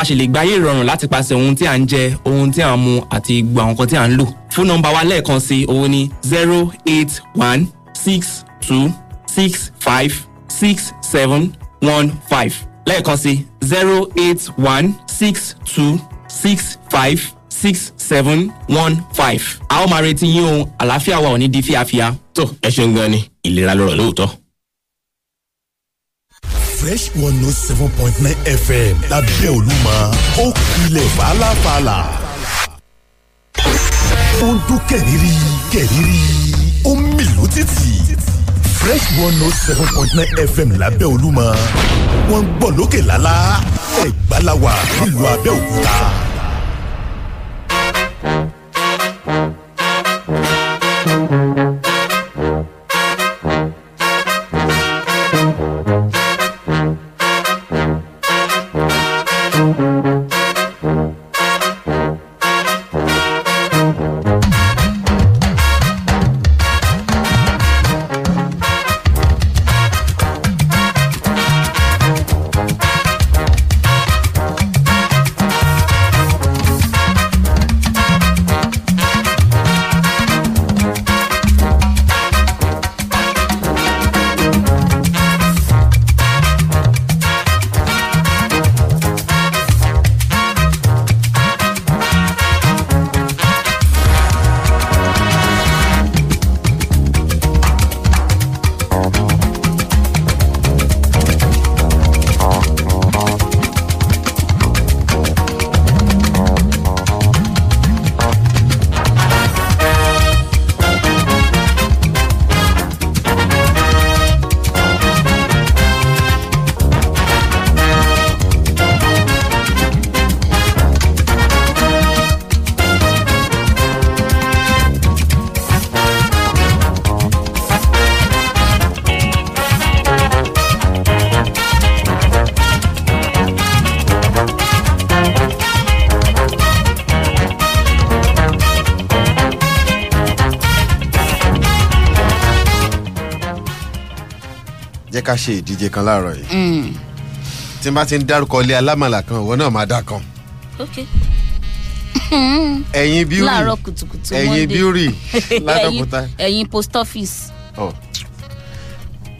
a ṣe lè gbáyé ìrọ̀rùn láti pàṣẹ ohun tí à ń jẹ ohun tí à ń mu àti gbogbo àwọn nǹkan tí à ń lò fún nọ́mbà wa lẹ́ẹ̀kan sí òun ni zero eight one six two six five six seven one five lẹ́ẹ̀kan sí zero eight one six two six five six seven one five a ó máa retí yín o àlàáfíà wa ò ní di fíafíà. tó ẹ ṣeun gan ni ìlera lọ́rọ̀ lóòótọ́ fresh one note oh seven point nine fm lábẹ́ olúmọ ó kulẹ̀ fàlàfàlà. ó ń dún kẹ̀rìírí kẹ̀rìírí ó ń mìlú títì fresh one note oh seven point nine fm lábẹ́ olúmọ wọ́n ń gbọ́ lókè lálá Ẹ̀gbá nílùú Abẹ́òkúta. thank you ká ṣe ìdíje kan láàárọ̀ yìí mm. tí n bá ti ń dárúkọ ilé alámàlà kan ìwọ náà máa dá kan. ẹ̀yin bíúrì láàárọ̀ kùtùkùtù monday ẹ̀yin bíúrì ládọ́kúta ẹ̀yin post office.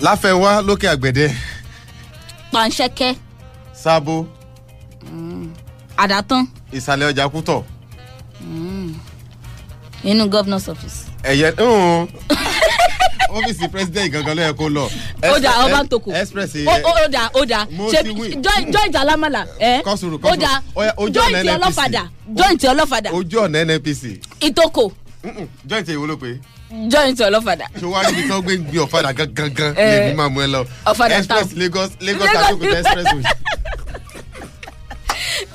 láfẹ̀wá lókè àgbẹ̀dẹ. panṣẹ́kẹ́. sábó. Mm. àdàtán. ìsàlẹ̀ ọjà kútọ̀. Mm. inú governor's office. ẹ̀yẹ. ọ́fíìsì president gangan ló yẹ kó lọ. ó dà ọba ntoko express yẹ ó dà ó dà joint alamala kọsùrù kọsùrù ó dà joint ọlọ́fadà joint ọlọ́fadà ojú ọ̀nà nnpc. Itoko. joint èwo ló pe joint ọlọ́fadà. ṣé wàá níbi tí wọ́n gbé gbé ọ̀fadà gangan eh. lèmi máa mú ẹ lọ. ọ̀fadà town express lagos lagos àjọkùtà express way.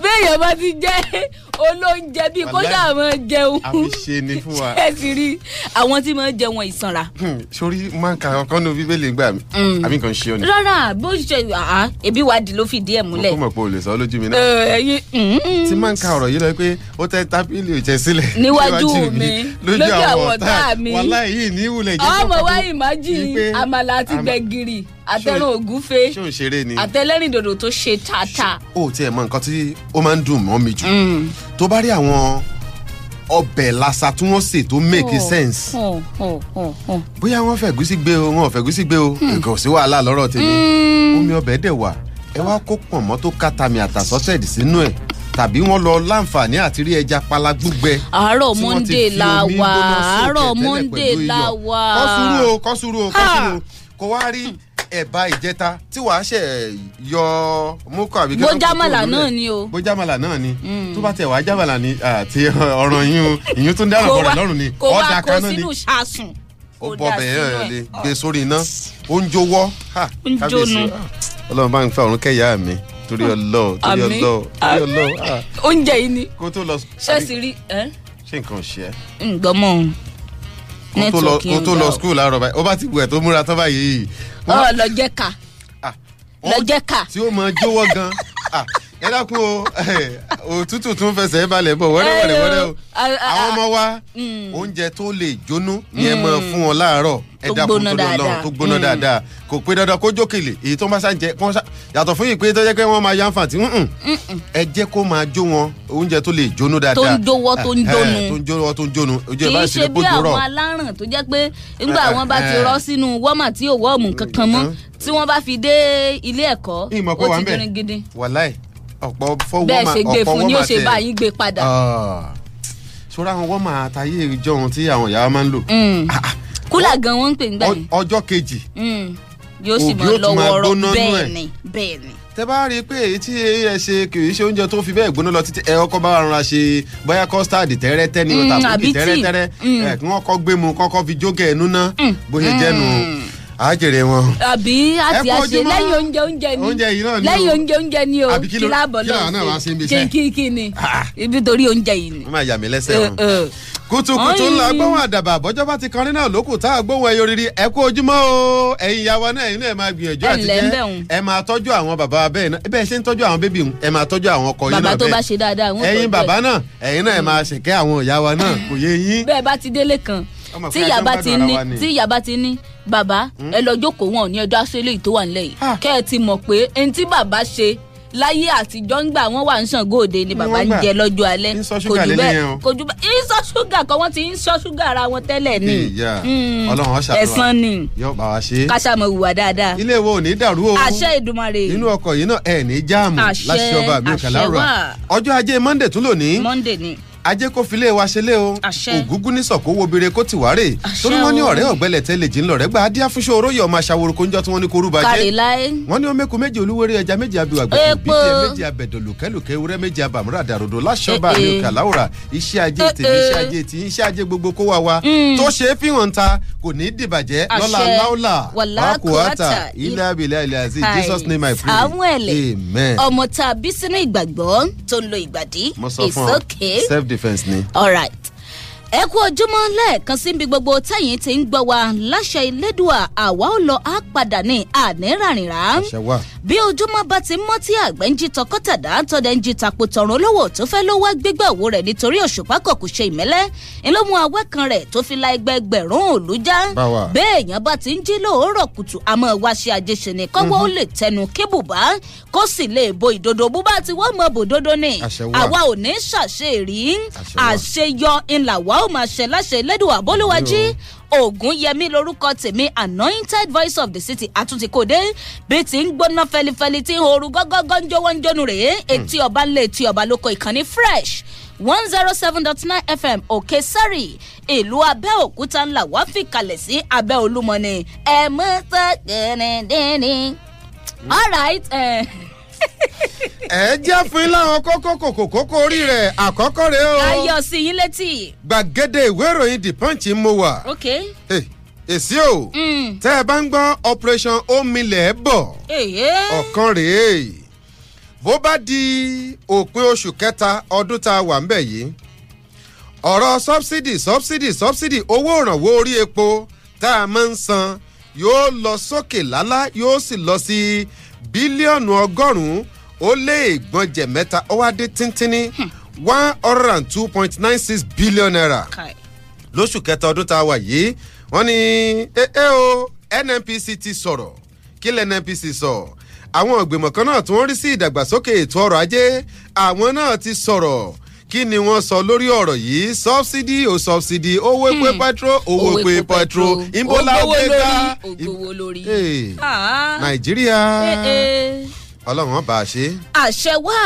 bẹ́ẹ̀ yẹn bá ti jẹ́ olóúnjẹ bíi kó ṣáà máa jẹun. àfi ṣe ni fún wa. ṣé ti rí àwọn tí máa ń jẹun ìsanra. Hmm, sori máa ka ọkọ nu bíbélì gbà mí hmm. àbí nǹkan ṣe ọ ni. rárá bó ṣe àá ebi wádìí ló fìdí ẹ múlẹ̀. mo kọ́ mọ̀ pé o lè sọ lójú mi náà. Hmm. tí máa ń ka ọ̀rọ̀ yìí lọ pé ó tẹ tábìlì ìjẹ sílẹ̀. níwájú mi lójú àwọn ọ̀tá mi wàhálà yìí ní ìwúlẹ̀ ìjẹ́ ọmọ wa ìmájì àmàlà àti gbẹ̀gìrì àtẹrun ògúnfe àtẹlẹ́rìndòdò tó ṣe tata. o tiẹ̀ mọ nǹkan tí ó máa ń dùn mọ́ mi jù tó bá rí àwọn ọbẹ̀ lasa tí wọ́n sè tó make oh, sense oh, oh, bóyá wọ́n fẹ̀gúsí gbé o wọ́n fẹ̀gúsí gbé o hmm. kò sí wàhálà lọ́rọ̀ tèmi hmm. omi ọbẹ̀ dẹ̀ wà ẹ wá kó pọ̀nmọ́ tó kátàmì àtàsọ́tẹ̀dì sínú ẹ̀ tàbí wọn lọ láǹfààní àti rí ẹja pala gbígbẹ. àárọ̀ monde la wà àárọ̀ monde la wà. kọ́sùrù o kọ́sùrù o kọ́sùrù o kò wá rí ẹ̀bá ìjẹta tí wàá ṣe yọ múkọ àbí kẹ́kọ̀ọ́ tó jámàlà náà ni o bó jámàlà náà ni mm. tó bá tẹ̀ wá jámàlà ni àti ọ̀ràn yín ìyún tó ń dáhùn ọ̀rọ̀ lọ́rùn ni ọ̀dà kan náà ni kò wá kó ó bọ bẹ̀rẹ̀ rẹ̀ gbé sórí iná ó ń jówọ́ kábíyèsí ọlọ́run bá ń fẹ́ ọ̀run kẹ́yà mi torí ah, ọlọ́ọ̀ torí ọlọ́ọ̀ torí ọlọ́ọ̀. oúnjẹ yìí ni kó tó rí ṣé nǹkan ò ṣe é. ǹgbọ́n mọ́ network yẹn lọ. o tó lọ school láàárọ̀ báyìí o bá ti wẹ̀ tó múra tán báyìí. ọ lọ jẹ́ ká ah, lọ jẹ́ ká. tí ó mọ jówọ́ gan ẹ dákun o òtútù tún fẹsẹ̀ balẹ̀ bọ̀ wẹ́rẹ́wẹ́rẹ́ wẹ́rẹ́ o àwọn ọmọ wa mm. oúnjẹ tó lè jóná ni ẹ mm. máa fún wọn láàárọ̀ ẹ dákun tó lọ lọ́rùn tó gbóná mm. dáadáa kò pé dandan kó jókèlè èyí tó ń bá sá jẹ kó yàtọ̀ fún yìí pé tó jẹ́ pé wọ́n máa yá nfàtí ẹ jẹ́ kó máa jó wọn oúnjẹ tó lè jóná dáadáa tó ń jówọ́ eh, eh, tó ń jónu tó ń jówọ́ tó ń jónu kì í ṣe bí àwọn alárùn tó jẹ́ pé nígbà eh, wọn bá ti rọ́ sínú wọ́mà ọ̀pọ̀ fọwọ́ máa ọ̀pọ̀ wọ́n máa tẹ bẹ́ẹ̀ ṣe gbé fún ni ó ṣe báyìí gbé padà. sọ́ra ah. àwọn wọ́n máa tayé ìjọ ohun tí àwọn ìyá máa ń lò. Mm. Ah, ah. kúlà gan wọn ń pè nígbà yìí. ọjọ́ kejì. Mm. yóò sì máa lọ wọrọ bẹ́ẹ̀ ni bẹ́ẹ̀ ni. tẹ bá rí i pé èyí tí ẹ ṣe kì í ṣe oúnjẹ tó fi bẹ́ẹ̀ gbóná lọ títí ẹ ọkọ bá ara ṣe bóyá kọ́stáàdì tẹ́rẹ́tẹ́ ni o mm, tẹ́rẹ́tẹ́rẹ́ ẹ kí wọ́n kọ́ gbé mu kọ́kọ́ fi jókè ẹnu ná bó ṣe jẹ́nu a jèrè wọn. àbí àti àṣe lẹ́yìn oúnjẹ oúnjẹ ni oúnjẹ yìí náà ni o lẹ́yìn oúnjẹ oúnjẹ ni o kí lábọ̀ lọ sí kí kí kí ni ah. ibi torí oúnjẹ yìí ni. wọ́n máa yà mí lẹ́sẹ̀ o. Eh, eh. kùtùkùtù ńlá gbóhùn àdàbà àbọ̀jọ́ bá ti kọrin náà lókù tá a gbóhùn ẹyọ rírì ẹ kú ojúmọ́ o ẹ̀yin ìyàwó náà ẹ̀yin náà ẹ máa gbìyànjú àti jẹ́ ẹ máa tọ́jú àwọn bàbá bẹ́ẹ̀ náà bẹ́ẹ̀ ṣe ń tọ́jú àwọn bébì ẹ máa tọ́jú àwọn ọkọ yín náà bẹ́ẹ̀ bàbá tó bá ṣe dáadáa ẹ̀yin bàbá náà ẹ̀yin náà ẹ máa ṣèkẹ́ àwọn ìyàwó náà kò yé yín. bẹ́ẹ̀ bá ti délé kan tí ìyá bá ti ní tí ìyá bá ti ní bàbá ẹ lọ jókòó wọn ò ní ẹjọ́ aṣọ eléyìí tó wà nílẹ̀ yìí kẹ́ ẹ ti mọ̀ pé ẹni tí bàbá ṣe láyé àtijọ́ ńgbà wọ́n wà ń ṣàngó òde ni bàbá ń jẹ lọ́jọ́ alẹ́ kò jù bẹ́ẹ̀ kò jù bẹ́ẹ̀ ìsọ ṣúgà kan wọ́n ti ń sọ ṣúgà ara wọn tẹ́lẹ̀ ni hmm. ọlọ́run ọ̀ṣà ẹ̀sán ni káṣámọ̀ ìwà dáadáa ilé wo ò ní dàrú o àṣẹ ìdùmarè nínú ọkọ̀ yìí náà ẹ̀ ní jáàmù láṣẹ ọba mi kàlárọ̀ ọjọ́ ajé monday tún lónìí monday ni ajé kò filé wa ṣe lé o ògúngún ní sọ̀kò wo bire kó ti wárè tó ní wọ́n ní ọ̀rẹ́ ọ̀gbẹ́lẹ̀ tẹ́lẹ̀ jìn lọ̀rẹ́ gba adíá fúnṣe oróyè ọmọ aṣàwòrò kó ń jọ tí wọ́n ní korú bàjẹ́ wọ́n ní omeku méje olúwerè ẹja méje abiwà gbẹ̀dẹ̀ méje abẹ̀dọ̀ lùkẹ́lùkẹ́ ewúrẹ́ méje abàmúrà dàrúdò láṣọba àmì kàláwùrà iṣẹ́ ajé tèmi iṣẹ́ ajé tí iṣẹ́ ajé gbogbo kó wa wa mm. tó ṣe é fi hàn ta kò ní dìbàjẹ́ lọ́la láwùlà wàkùwàtà ilẹ̀ ni. all right ẹ kú ojúmọ́ lẹ́ẹ̀kan sí ibi gbogbo tẹ̀yìn tí ń gbọ́ wa láṣẹ ìlédùà àwa ò lọ á padà ní ànírànìrà. bí ojúmọ́ bá ti mọ́ tí àgbẹ̀ ń jí tọkọ́tàdá tọ́dẹ̀ ń jí tapo tọ̀run olówó tó fẹ́ ló wá gbígbà owó rẹ̀ nítorí òṣùpá kò kù ṣe ìmẹ́lẹ́ ńlọ́mú awẹ́ kan rẹ̀ tó fi la ẹgbẹ́ ẹgbẹ̀rún òòlù já. béèyàn bá ti ń jí lóòórọ̀ kùtù àmọ́ wa ṣe àjẹsẹ̀ àwa ó máa ṣẹ láṣẹ elédùn àbólúwájí ògúnyẹmí lorúkọ tèmi anointed voice of the city àtúntì kò dé bí ti ń gbóná fẹlifẹli tí ooru gọgọgọ ń jó wọn ń jónu rèé hmm. etí ọba ńlẹ etí ọba lóko ìkànnì fresh one zero oh seven dot nine fm òkè sárì ìlú abẹ́òkúta ńlá wá fi kalẹ̀ sí abẹ́ olúmọ̀ni ẹ̀ mú tó kẹrìndínlẹ́ hmm. all right. Uh, ẹ jẹ́ fún yín láwọn kókó kòkó kókó orí rẹ̀ àkọ́kọ́ rẹ̀ o. ayọ̀ sí yín létí. gbàgede ìwé ìròyìn the punch mo wà. ok. èsì o mm. tẹ́ ẹ bá ń gbọ́ operation omilẹ̀ bọ̀ ọ̀kan rèé bó bá di òpin oṣù kẹta ọdún tá a wà ń bẹ̀ yìí ọ̀rọ̀ subsidy subsidy subsidy owó òrànwó orí epo tá a máa ń san yóò lọ sókè lálá yóò sì lọ sí bílíọ̀nù ọgọ́rùn-ún ó lé ìgbọ̀njẹ̀ mẹ́ta ó wá dé tíntínní hmm. one hundred and two point nine six billion naira lóṣù kẹta ọdún tá a wà yìí wọ́n ní ẹ eh, eh o nnpc ti sọ̀rọ̀ kí lẹ́ nnpc sọ àwọn ìgbìmọ̀ kan náà tí wọ́n rí sí ìdàgbàsókè ètò ọrọ̀ ajé àwọn náà ti sọ̀rọ̀ kí ni wọ́n sọ lórí ọ̀rọ̀ yìí sọ́bsidì ò sọ́bsidì owó epo hmm. petro owó epo petro ìbólà ọgbẹ́ta ìgbówó lórí ah. nàìjíríà. Eh, ọlọ́run bá a ṣe. àṣẹ wà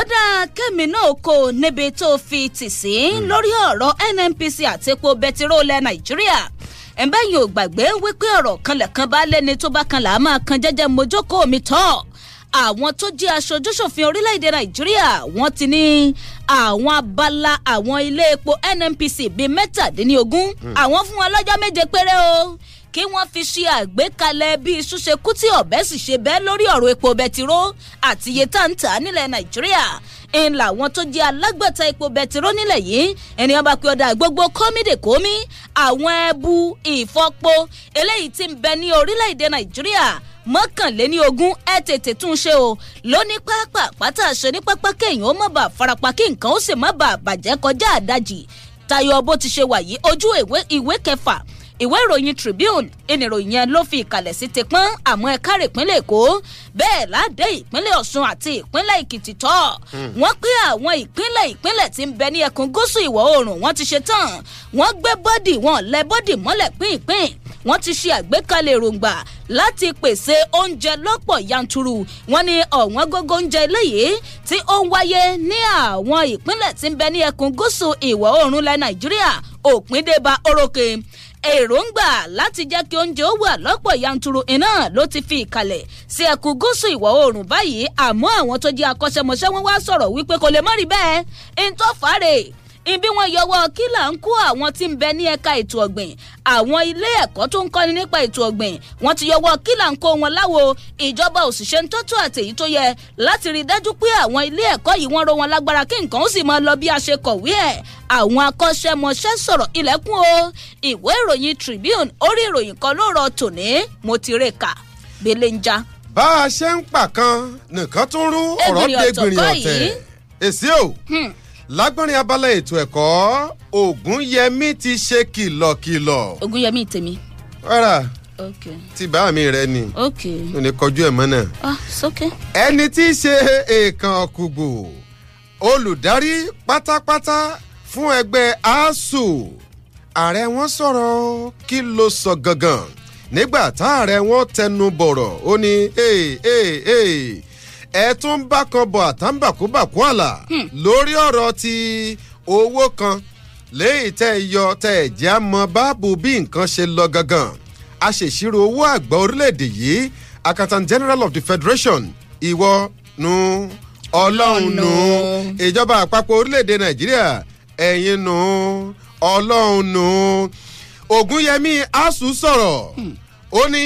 ọ̀dà kẹ́mi náà kò níbi tó fi tì sí hmm. lórí ọ̀rọ̀ nnpc àti epo bẹtiróòlẹ̀ nàìjíríà ẹ̀ńbẹ́yìn ò gbàgbé wípé ọ̀rọ̀ kanlẹ̀kan bá lẹ́ni tó bá kan làá máa kan jẹ́jẹ́ mojókòó mi tọ́ àwọn tó jẹ́ aṣojúṣòfin orílẹ̀-èdè nàìjíríà wọ́n ti ní àwọn abala àwọn ilé epo nnpc bíi mẹ́tàdínlógún hmm. àwọn fún wọn méje péré o kí wọ́n fi ṣe àgbékalẹ̀ bí ṣúṣe kú tí ọ̀bẹ sì ṣe bẹ́ẹ̀ lórí ọ̀rọ̀ epo bẹtiró àti iye tá ń tà nílẹ̀ nàìjíríà ń làwọn tó jẹ́ alágbàtà epo bẹtiró nílẹ̀ yìí ẹni ọba pé ọ̀dà gbogbo kọ́mídèkómi àwọn ẹbu ìfọpo eléyìí ti ń bẹ ní orílẹ̀-èdè nàìjíríà mọ́kànléní ogún ẹ tètè tún ṣe o lónìí pápá pátá ṣe ní pápá kéèyàn ó má bàa farapa kí nǹkan ó sì má bàa bàjẹ́ kọjá àdájì tayọ bó ti ṣe wà yìí ojú ìwé kẹfà ìwé ìròyìn Tribune ìnìròyìn yẹn ló fi ìkàlẹ̀ sí ti pọ́n àmọ́ ẹ̀ka rẹ̀ ìpínlẹ̀ Èkó bẹ́ẹ̀ ládé ìpínlẹ̀ Ọ̀ṣun àti ìpínlẹ̀ Èkìtì tọ́ hmm. wọ́n pé àwọn ìpínlẹ̀ ìpínlẹ̀ tí ń bẹ ní ẹkùn gúúsù ìwọ̀ oòrùn wọ́n ti ṣe tán wọ́n gbé bọ́dì wọn lẹ bọ́dì mọ́lẹ̀ pínpín wọ́n ti ṣe àgbékalẹ̀ èròǹgbà láti pèsè oúnjẹ lọ́pọ̀ yanturu wọ́n ní ọ̀wọ́n gógó oúnjẹ eléyìí tí ó ń wáyé ní àwọn ìpínlẹ̀ tí ń bẹ ní ẹkùn gúúsù ìwọ̀ oòrùn lẹ Nàìjíríà òpin dé bá orókè èròǹgbà láti jẹ́ kí oúnjẹ ó wà lọ́pọ̀ yanturu iná ló ti fi ìkàlẹ̀ sí ẹkùn gúúsù ìwọ̀ oòrùn báyìí àmọ́ àwọn tó jẹ́ akọ́ṣẹ́mọṣẹ́ wọn wá sọ̀rọ̀ wípé kò lè mọ́rí bẹ́ẹ̀ ń tó fàárẹ̀ ibi wọn yọwọ́ kílà ń kó àwọn tí ń bẹ ní ẹ̀ka ètò ọ̀gbìn àwọn ilé ẹ̀kọ́ tó ń kọ́ni nípa ètò ọ̀gbìn wọ́n ti yọwọ́ kílà ń kó wọn láwo ìjọba òṣìṣẹ́ tó tó àti tó yẹ láti rí dájú pé àwọn ilé ẹ̀kọ́ yìí wọ́n ró wọn lágbára kí nǹkan ó sì máa lọ bí a ṣe kọ̀wé ẹ̀ àwọn akọ́ṣẹ́mọṣẹ́ sọ̀rọ̀ ilẹ̀kùn o ìwé ìròyìn Tribune orí ìròyìn kan ló rọ tòní mo ti rè kà belenja. bá a ṣe ń pàkan nìkan tún rú ọ̀rọ̀ dé gbìnrín ọ̀tẹ̀ èsì o. Hmm lágbọ́nrin abala ètò ẹ̀kọ́ ògúnyẹmí ti ṣe kìlọ̀kìlọ̀. ògúnyẹmí tèmi. rárá okay. tí bá mi rẹ ni ò ní kọjú ẹ̀ mọ́ náà. ah sókè. ẹni tí í ṣe èèkàn ọ̀kùgbò olùdarí pátápátá fún ẹgbẹ́ asuu ààrẹ wọn sọ̀rọ̀ kí ló sọ gangan nígbà tá ààrẹ wọn tẹnu bọ̀rọ̀ ó ní ee ee ee ẹ tún ń bá kan bọ̀ àtàǹbàkúbàkú àlà hmm. lórí ọ̀rọ̀ ti owó kan lẹ́yìn tẹ́ ẹ yọ tẹ́ ẹ jẹ́ àmọ́ báàbù bí nǹkan ṣe lọ gangan aṣèṣirò owó àgbà orílẹ̀-èdè yìí accountant general of the federation ìwọ nu ọlọ́run nu ìjọba àpapọ̀ orílẹ̀-èdè nàìjíríà ẹ̀yin nu ọlọ́run nu ògúnyẹmí asuu sọ̀rọ̀ hmm. ó ní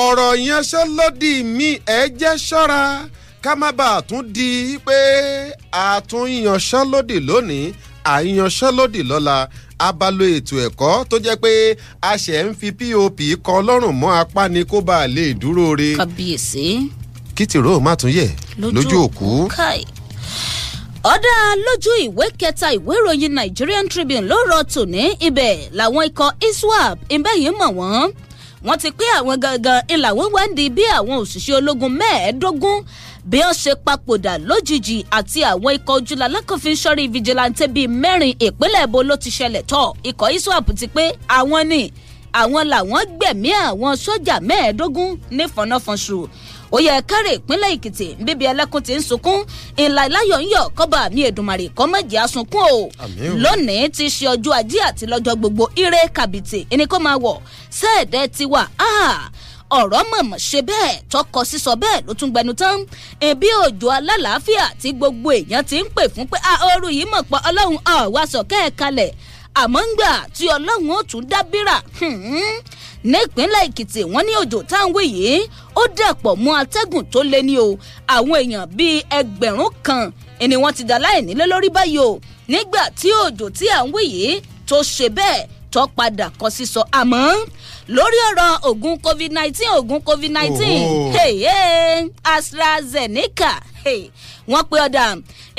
ọ̀rọ̀ ìyanṣẹ́lódì mi ẹ̀ jẹ́ ṣọ́ra ká má bàa tún di pé àtúnyanṣẹ́lódì lónìí àìyanṣẹ́lódì lọ́la abalo ètò ẹ̀kọ́ tó jẹ́ pé a ṣẹ̀ ń fi pop kan lọ́rùn mọ́ apá ni kó bàa lè dúró re. kàbíyèsí. kí tìró má tún yẹ lójú òkú. ọ̀dà lójú ìwé kẹta ìwé ìròyìn Nigerian Tribune ló rọ tòní ibẹ̀ làwọn ikọ̀ iswap ìbẹ́yìí mọ̀ wọ́n wọ́n ti pín àwọn gangan ńlá wọ́n wá di bí àwọn òṣìṣẹ́ ológun mẹ́ẹ̀ẹ́dógún bí wọ́n ṣe papòdà lójijì àti àwọn ikọ̀ ojúlá lákànfin sọ́rí vigilante bíi mẹ́rin ìpínlẹ̀ èbó ló ti ṣẹlẹ̀ tọ̀ ikọ̀ iswap ti pé àwọn ni àwọn làwọn gbẹ̀mí àwọn sójà mẹ́ẹ̀ẹ́dógún ní fọnáfọnṣu ó yẹ kárẹ̀ ìpínlẹ̀ èkìtì bíbi ẹlẹ́kùn ti ń sunkún ìlà ìláyọ̀ ń yọ̀ kọ́ba mi èdùmàrè kọ́ mọ̀jẹ̀ asunkún o lónìí ti ṣe ọjọ́ ajé àti lọ́jọ́ gbogbo ire kàbìtì ẹni kó máa wọ̀ sẹ́ẹ̀dẹ̀ ti wà ọ̀rọ̀ mọ̀mọ̀ ṣe bẹ́ẹ̀ tọkọ sísọ bẹ́ẹ̀ ló tún gbẹnu tán ẹbí òjò alálàáfíà tí gbogbo èèyàn ti ń pè fún pé ooru yìí mọ̀ pọ̀ ọlọ́run ọ̀wá sọ̀kẹ́ ẹ̀ kalẹ̀ àmọ́ ń gbà tí ọlọ́run ó tún dábìrà nípínlẹ̀ èkìtì wọ́n ní òjò tá à ń wí yìí ó dàpọ̀ mọ́ atẹ́gùn tó lé ní o àwọn èèyàn bíi ẹgbẹ̀rún kan ni wọ́n ti dà láìnílé lórí báyìí o nígbà tí òjò tí à ń wí yìí tó ṣe bẹ́ẹ̀ tó padà kọ sísọ àmọ́ lórí ọ̀rọ̀ oògùn covid nineteen ogun covid nineteen hey, hey, AstraZeneca hey, wọ́n pe ọ̀dà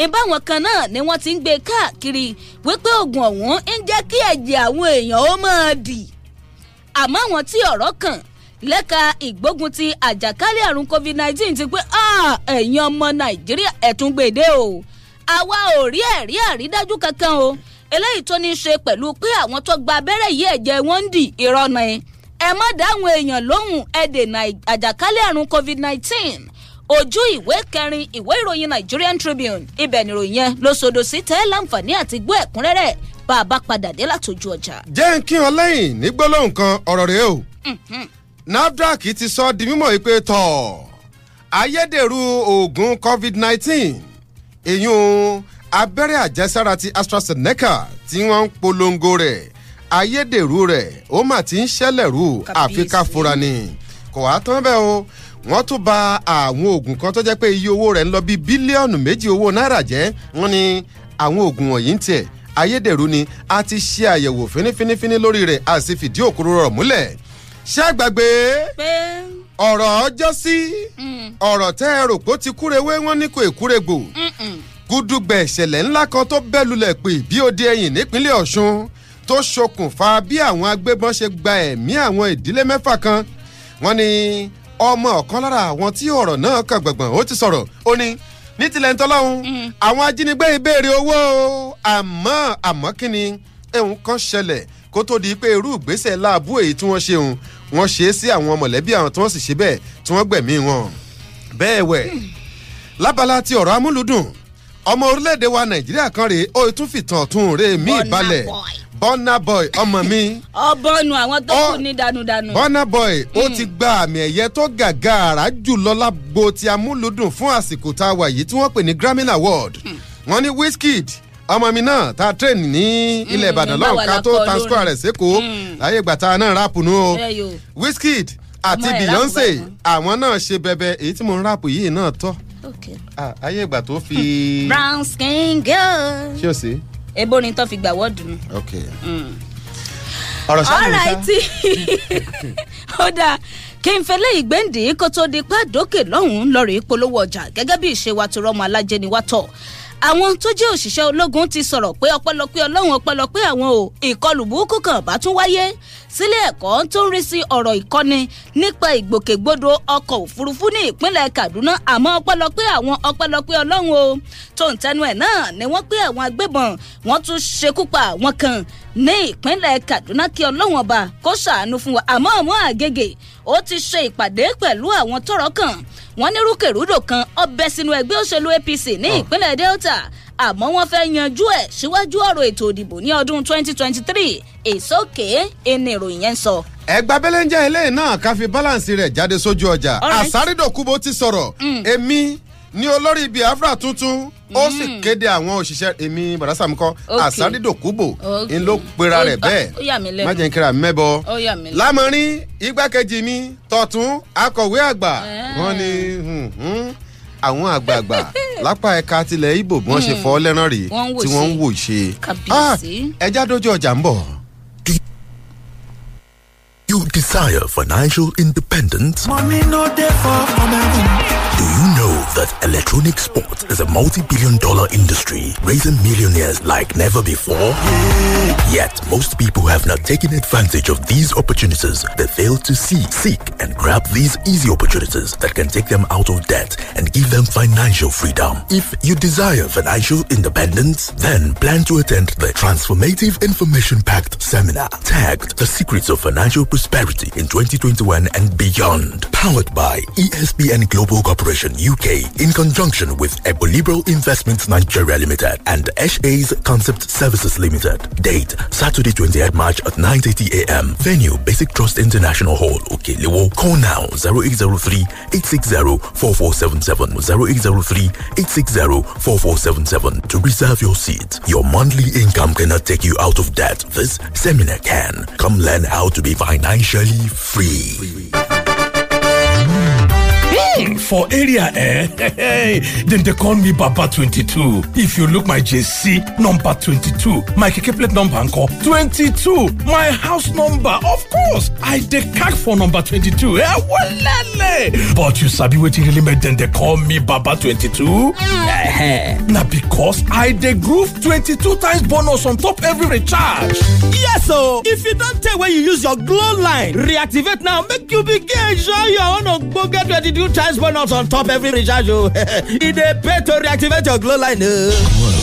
ìbáwọn kan náà ni wọ́n ti ń gbé káàkiri wípé oògùn ọ̀hún ń jẹ́ kí ẹ̀jẹ̀ àwọn èèyàn ó máa dì àmọ́ àwọn tí ọ̀rọ̀ kàn lẹ́ka ìgbógun ti àjàkálẹ̀ àrùn covid-19 ti pé ẹ̀yin ọmọ nàìjíríà ẹ̀tún gbèdé o àwa ò rí ẹ̀rí àrídájú kankan o eléyìí tó ní í ṣe pẹ̀lú pé àwọn tó gba abẹ́rẹ́ yìí ẹ̀jẹ̀ wọn ń dì ìrọ́nà ẹ̀ ẹ má dáhùn èèyàn lóhùn ẹ dènà àjàkálẹ̀ àrùn covid-19 ojú ìwé kẹrin ìwé ìròyìn Nigerian Tribune ibẹ̀ nìròyìn yẹn ló sodo sí tẹ́ láǹfààní àti gbọ́ ẹ̀kúnrẹ́rẹ́ bá a bá padà dé látòjú ọjà. jẹ́ ń kí wọn lẹ́yìn ní gbólóhùn kan ọ̀rọ̀ rèé o mhm. nafdac ti sọ di mímọ̀ pé tọ̀ ayédèrú oògùn covid-19 èyún abẹ́rẹ́ àjẹsára ti astrazeneca tí wọ́n ń polongo rẹ̀ ayédèrú rẹ̀ ó mà ti ń ṣẹlẹ̀rú àfi ká fura ni kò wá tán bẹ́ẹ̀ o wọ́n tún ba àwọn oògùn kan tó jẹ́ pé iye owó rẹ̀ ń lọ bí bílíọ̀nù méjì owó náírà jẹ́ wọ́n ní àwọn oògùn wọ̀nyí ń tiẹ̀ ayédèrú ni a ti ṣe àyẹ̀wò fínífínífíní lórí rẹ̀ a sì fìdí òkúrò rọ̀ múlẹ̀ ṣé àgbàgbé ọ̀rọ̀ ọjọ́ sí mm. ọ̀rọ̀ tẹ́ ẹ rò pé ó ti kúrewé wọ́n ní kò èkúregbò gúdúgbẹ̀ ìṣẹ̀lẹ̀ ńlá kan tó bẹ́ lulẹ̀ pè bí ó di nípínlẹ̀ Ọ̀ṣun tó ṣokùnfà bí àwọn agbébọn ṣe gba ẹ̀mí àwọn ìdílé mẹ́fà kan wọ́n ní ọmọ ọ̀kan lára àwọn tí ọ̀rọ̀ náà kàn ó ti sọ̀rọ̀ ó ní ní tilẹ̀ ń tọ́lọ́hún mm. àwọn ajínigbé ìbéèrè owó àmọ́ àmọ́ kí ni ẹ̀hún kan ṣẹlẹ̀ kó tó di pé irú ìgbésẹ̀ láàbù èyí tí wọ́n ṣe òun wọ́n ṣe é sí àwọn mọ̀lẹ́bí àwọn tí wọ́n sì ṣe bẹ́ẹ̀ tí wọ́n gbẹ̀mí wọn. bẹ́ẹ̀ wẹ̀ hmm. lábala ti ọ̀rọ̀ amúlùdùn ọmọ orílẹ̀-èdè wa nàìjíríà kan rèé ó tún fìtàn ọ̀tún rèé mí ìbalẹ̀ Burna Boy ọmọ mi. ọbọnu àwọn tó kù ní danudanu. Burna Boy ó hmm. ti gba àmì ẹ̀yẹ tó gàgàrà jùlọ lágbo ti amúlùdùn fún àsìkò tá a wà yìí tí wọ́n pè ní Grammy Award. Hmm. wọ́n ní Wizkid ọmọ mi náà ta train ní hmm, ilẹ̀ Ìbàdàn lọ́hùn ká tó transfer rẹ̀ sẹ́kọ̀ọ́ láyé ìgbà tá a náà ráàpù nù o Wizkid àti Beyonce àwọn náà ṣe bẹbẹ èyí tí mo ń ráàpù yìí náà tọ́. Ah, ayé ìgbà tó fi. brown skin girl. ṣé o sí. ebo ni tó fi gbà wọ́ọ̀dù mi. ok. Mm. ọ̀rọ̀ ṣáà ló ń sá. ó dáa kí n fẹlẹ́ ìgbẹ́ǹdì kó tó di pé àdókè lọ́hùn-ún lọ́ọ̀rì polówó ọjà gẹ́gẹ́ bí ìṣe wa ti rọ́mọ alájẹniwátọ̀ àwọn tó jẹ́ òṣìṣẹ́ ológun ti sọ̀rọ̀ pé ọpẹ́lọpẹ́ ọlọ́run ọpẹ́lọpẹ́ àwọn o ìkọlù burúkú kan bá tún wáyé sílé ẹ̀kọ́ tó ń rí sí ọ̀rọ̀ ìkọ́ni nípa ìgbòkègbodò ọkọ̀ òfurufú ní ìpínlẹ̀ Kaduna àmọ́ ọpẹ́lọpẹ́ àwọn ọpẹ́lọpẹ́ ọlọ́run o tó ń tẹnu ẹ̀ náà ni wọ́n pé àwọn agbébọn wọ́n tún ṣekú pa àwọn kan ní ìpínlẹ̀ Kaduna kí ọlọ́run ọba kó ṣàánú fún wa àmọ́ ọmọ àgègè ó ti ṣe ìpàdé pẹ̀lú àwọn tọ́rọ̀ kàn wọ́n ní rúkèrúdò kan ọbẹ̀ sínú ẹgbẹ́ òṣèlú APC ní ah. ìpínlẹ̀ Delta àmọ́ wọ́n fẹ́ yanjú ẹ̀ síwájú ọ̀rọ̀ ètò ìdìbò ní ọdún 2023 èsókè ẹni ìròyìn yẹn sọ. ẹgbà bẹ́lẹ́njẹ́ eléyìí náà ká fi báláǹsì rẹ̀ jáde sójú ọjà àsárídòkúbo ti sọ̀rọ̀ mm. èmi ní olórí Biafra tuntun ó hmm. sì kéde àwọn òṣìṣẹ́ èmi barasa mi kọ́ àsádìdòkúbò ń ló pera rẹ̀ bẹ́ẹ̀ má jẹ́ kíra mẹ́bọ lámọ̀rin igbákejì mi tọ̀tún akọ̀wé àgbà eh. wọ́n ní àwọn àgbààgbà lápá ẹ̀ka tilẹ̀ Ìgbò bí wọ́n ṣe hmm. fọ́ lẹ́rán rèé tí wọ́n ń wò ṣe ah, ẹja dojú ọjà ń bọ̀. you desire financial independence? Money for Do you know that electronic sports is a multi-billion dollar industry, raising millionaires like never before? Yeah. Yet most people have not taken advantage of these opportunities. They fail to see, seek, and grab these easy opportunities that can take them out of debt and give them financial freedom. If you desire financial independence, then plan to attend the Transformative Information Pact Seminar, tagged The Secrets of Financial Pursuit prosperity in 2021 and beyond. Powered by ESPN Global Corporation UK in conjunction with Ebolibro Investments Nigeria Limited and SHA's Concept Services Limited. Date Saturday 28 March at 9.30 a.m. Venue Basic Trust International Hall, Okelewo. Call now 0803 860 4477 0803 860 4477 to reserve your seat. Your monthly income cannot take you out of debt. This seminar can. Come learn how to be financially Anjali Free Hmm, for area eh? Then they call me Baba 22. If you look my JC number 22, my keke plate number encore 22, my house number, of course, I decack for number 22. Eh, walele. But you sabi waiting really make then they call me Baba 22? Na because I dey groove 22 times bonus on top every recharge. Yes o, oh. if you don't tell where you use your glow line reactivate now make you begin enjoy your own ogbonge 22 times recharge bonus on top every recharge o oh. e dey pay to reactivate your glow line o. Oh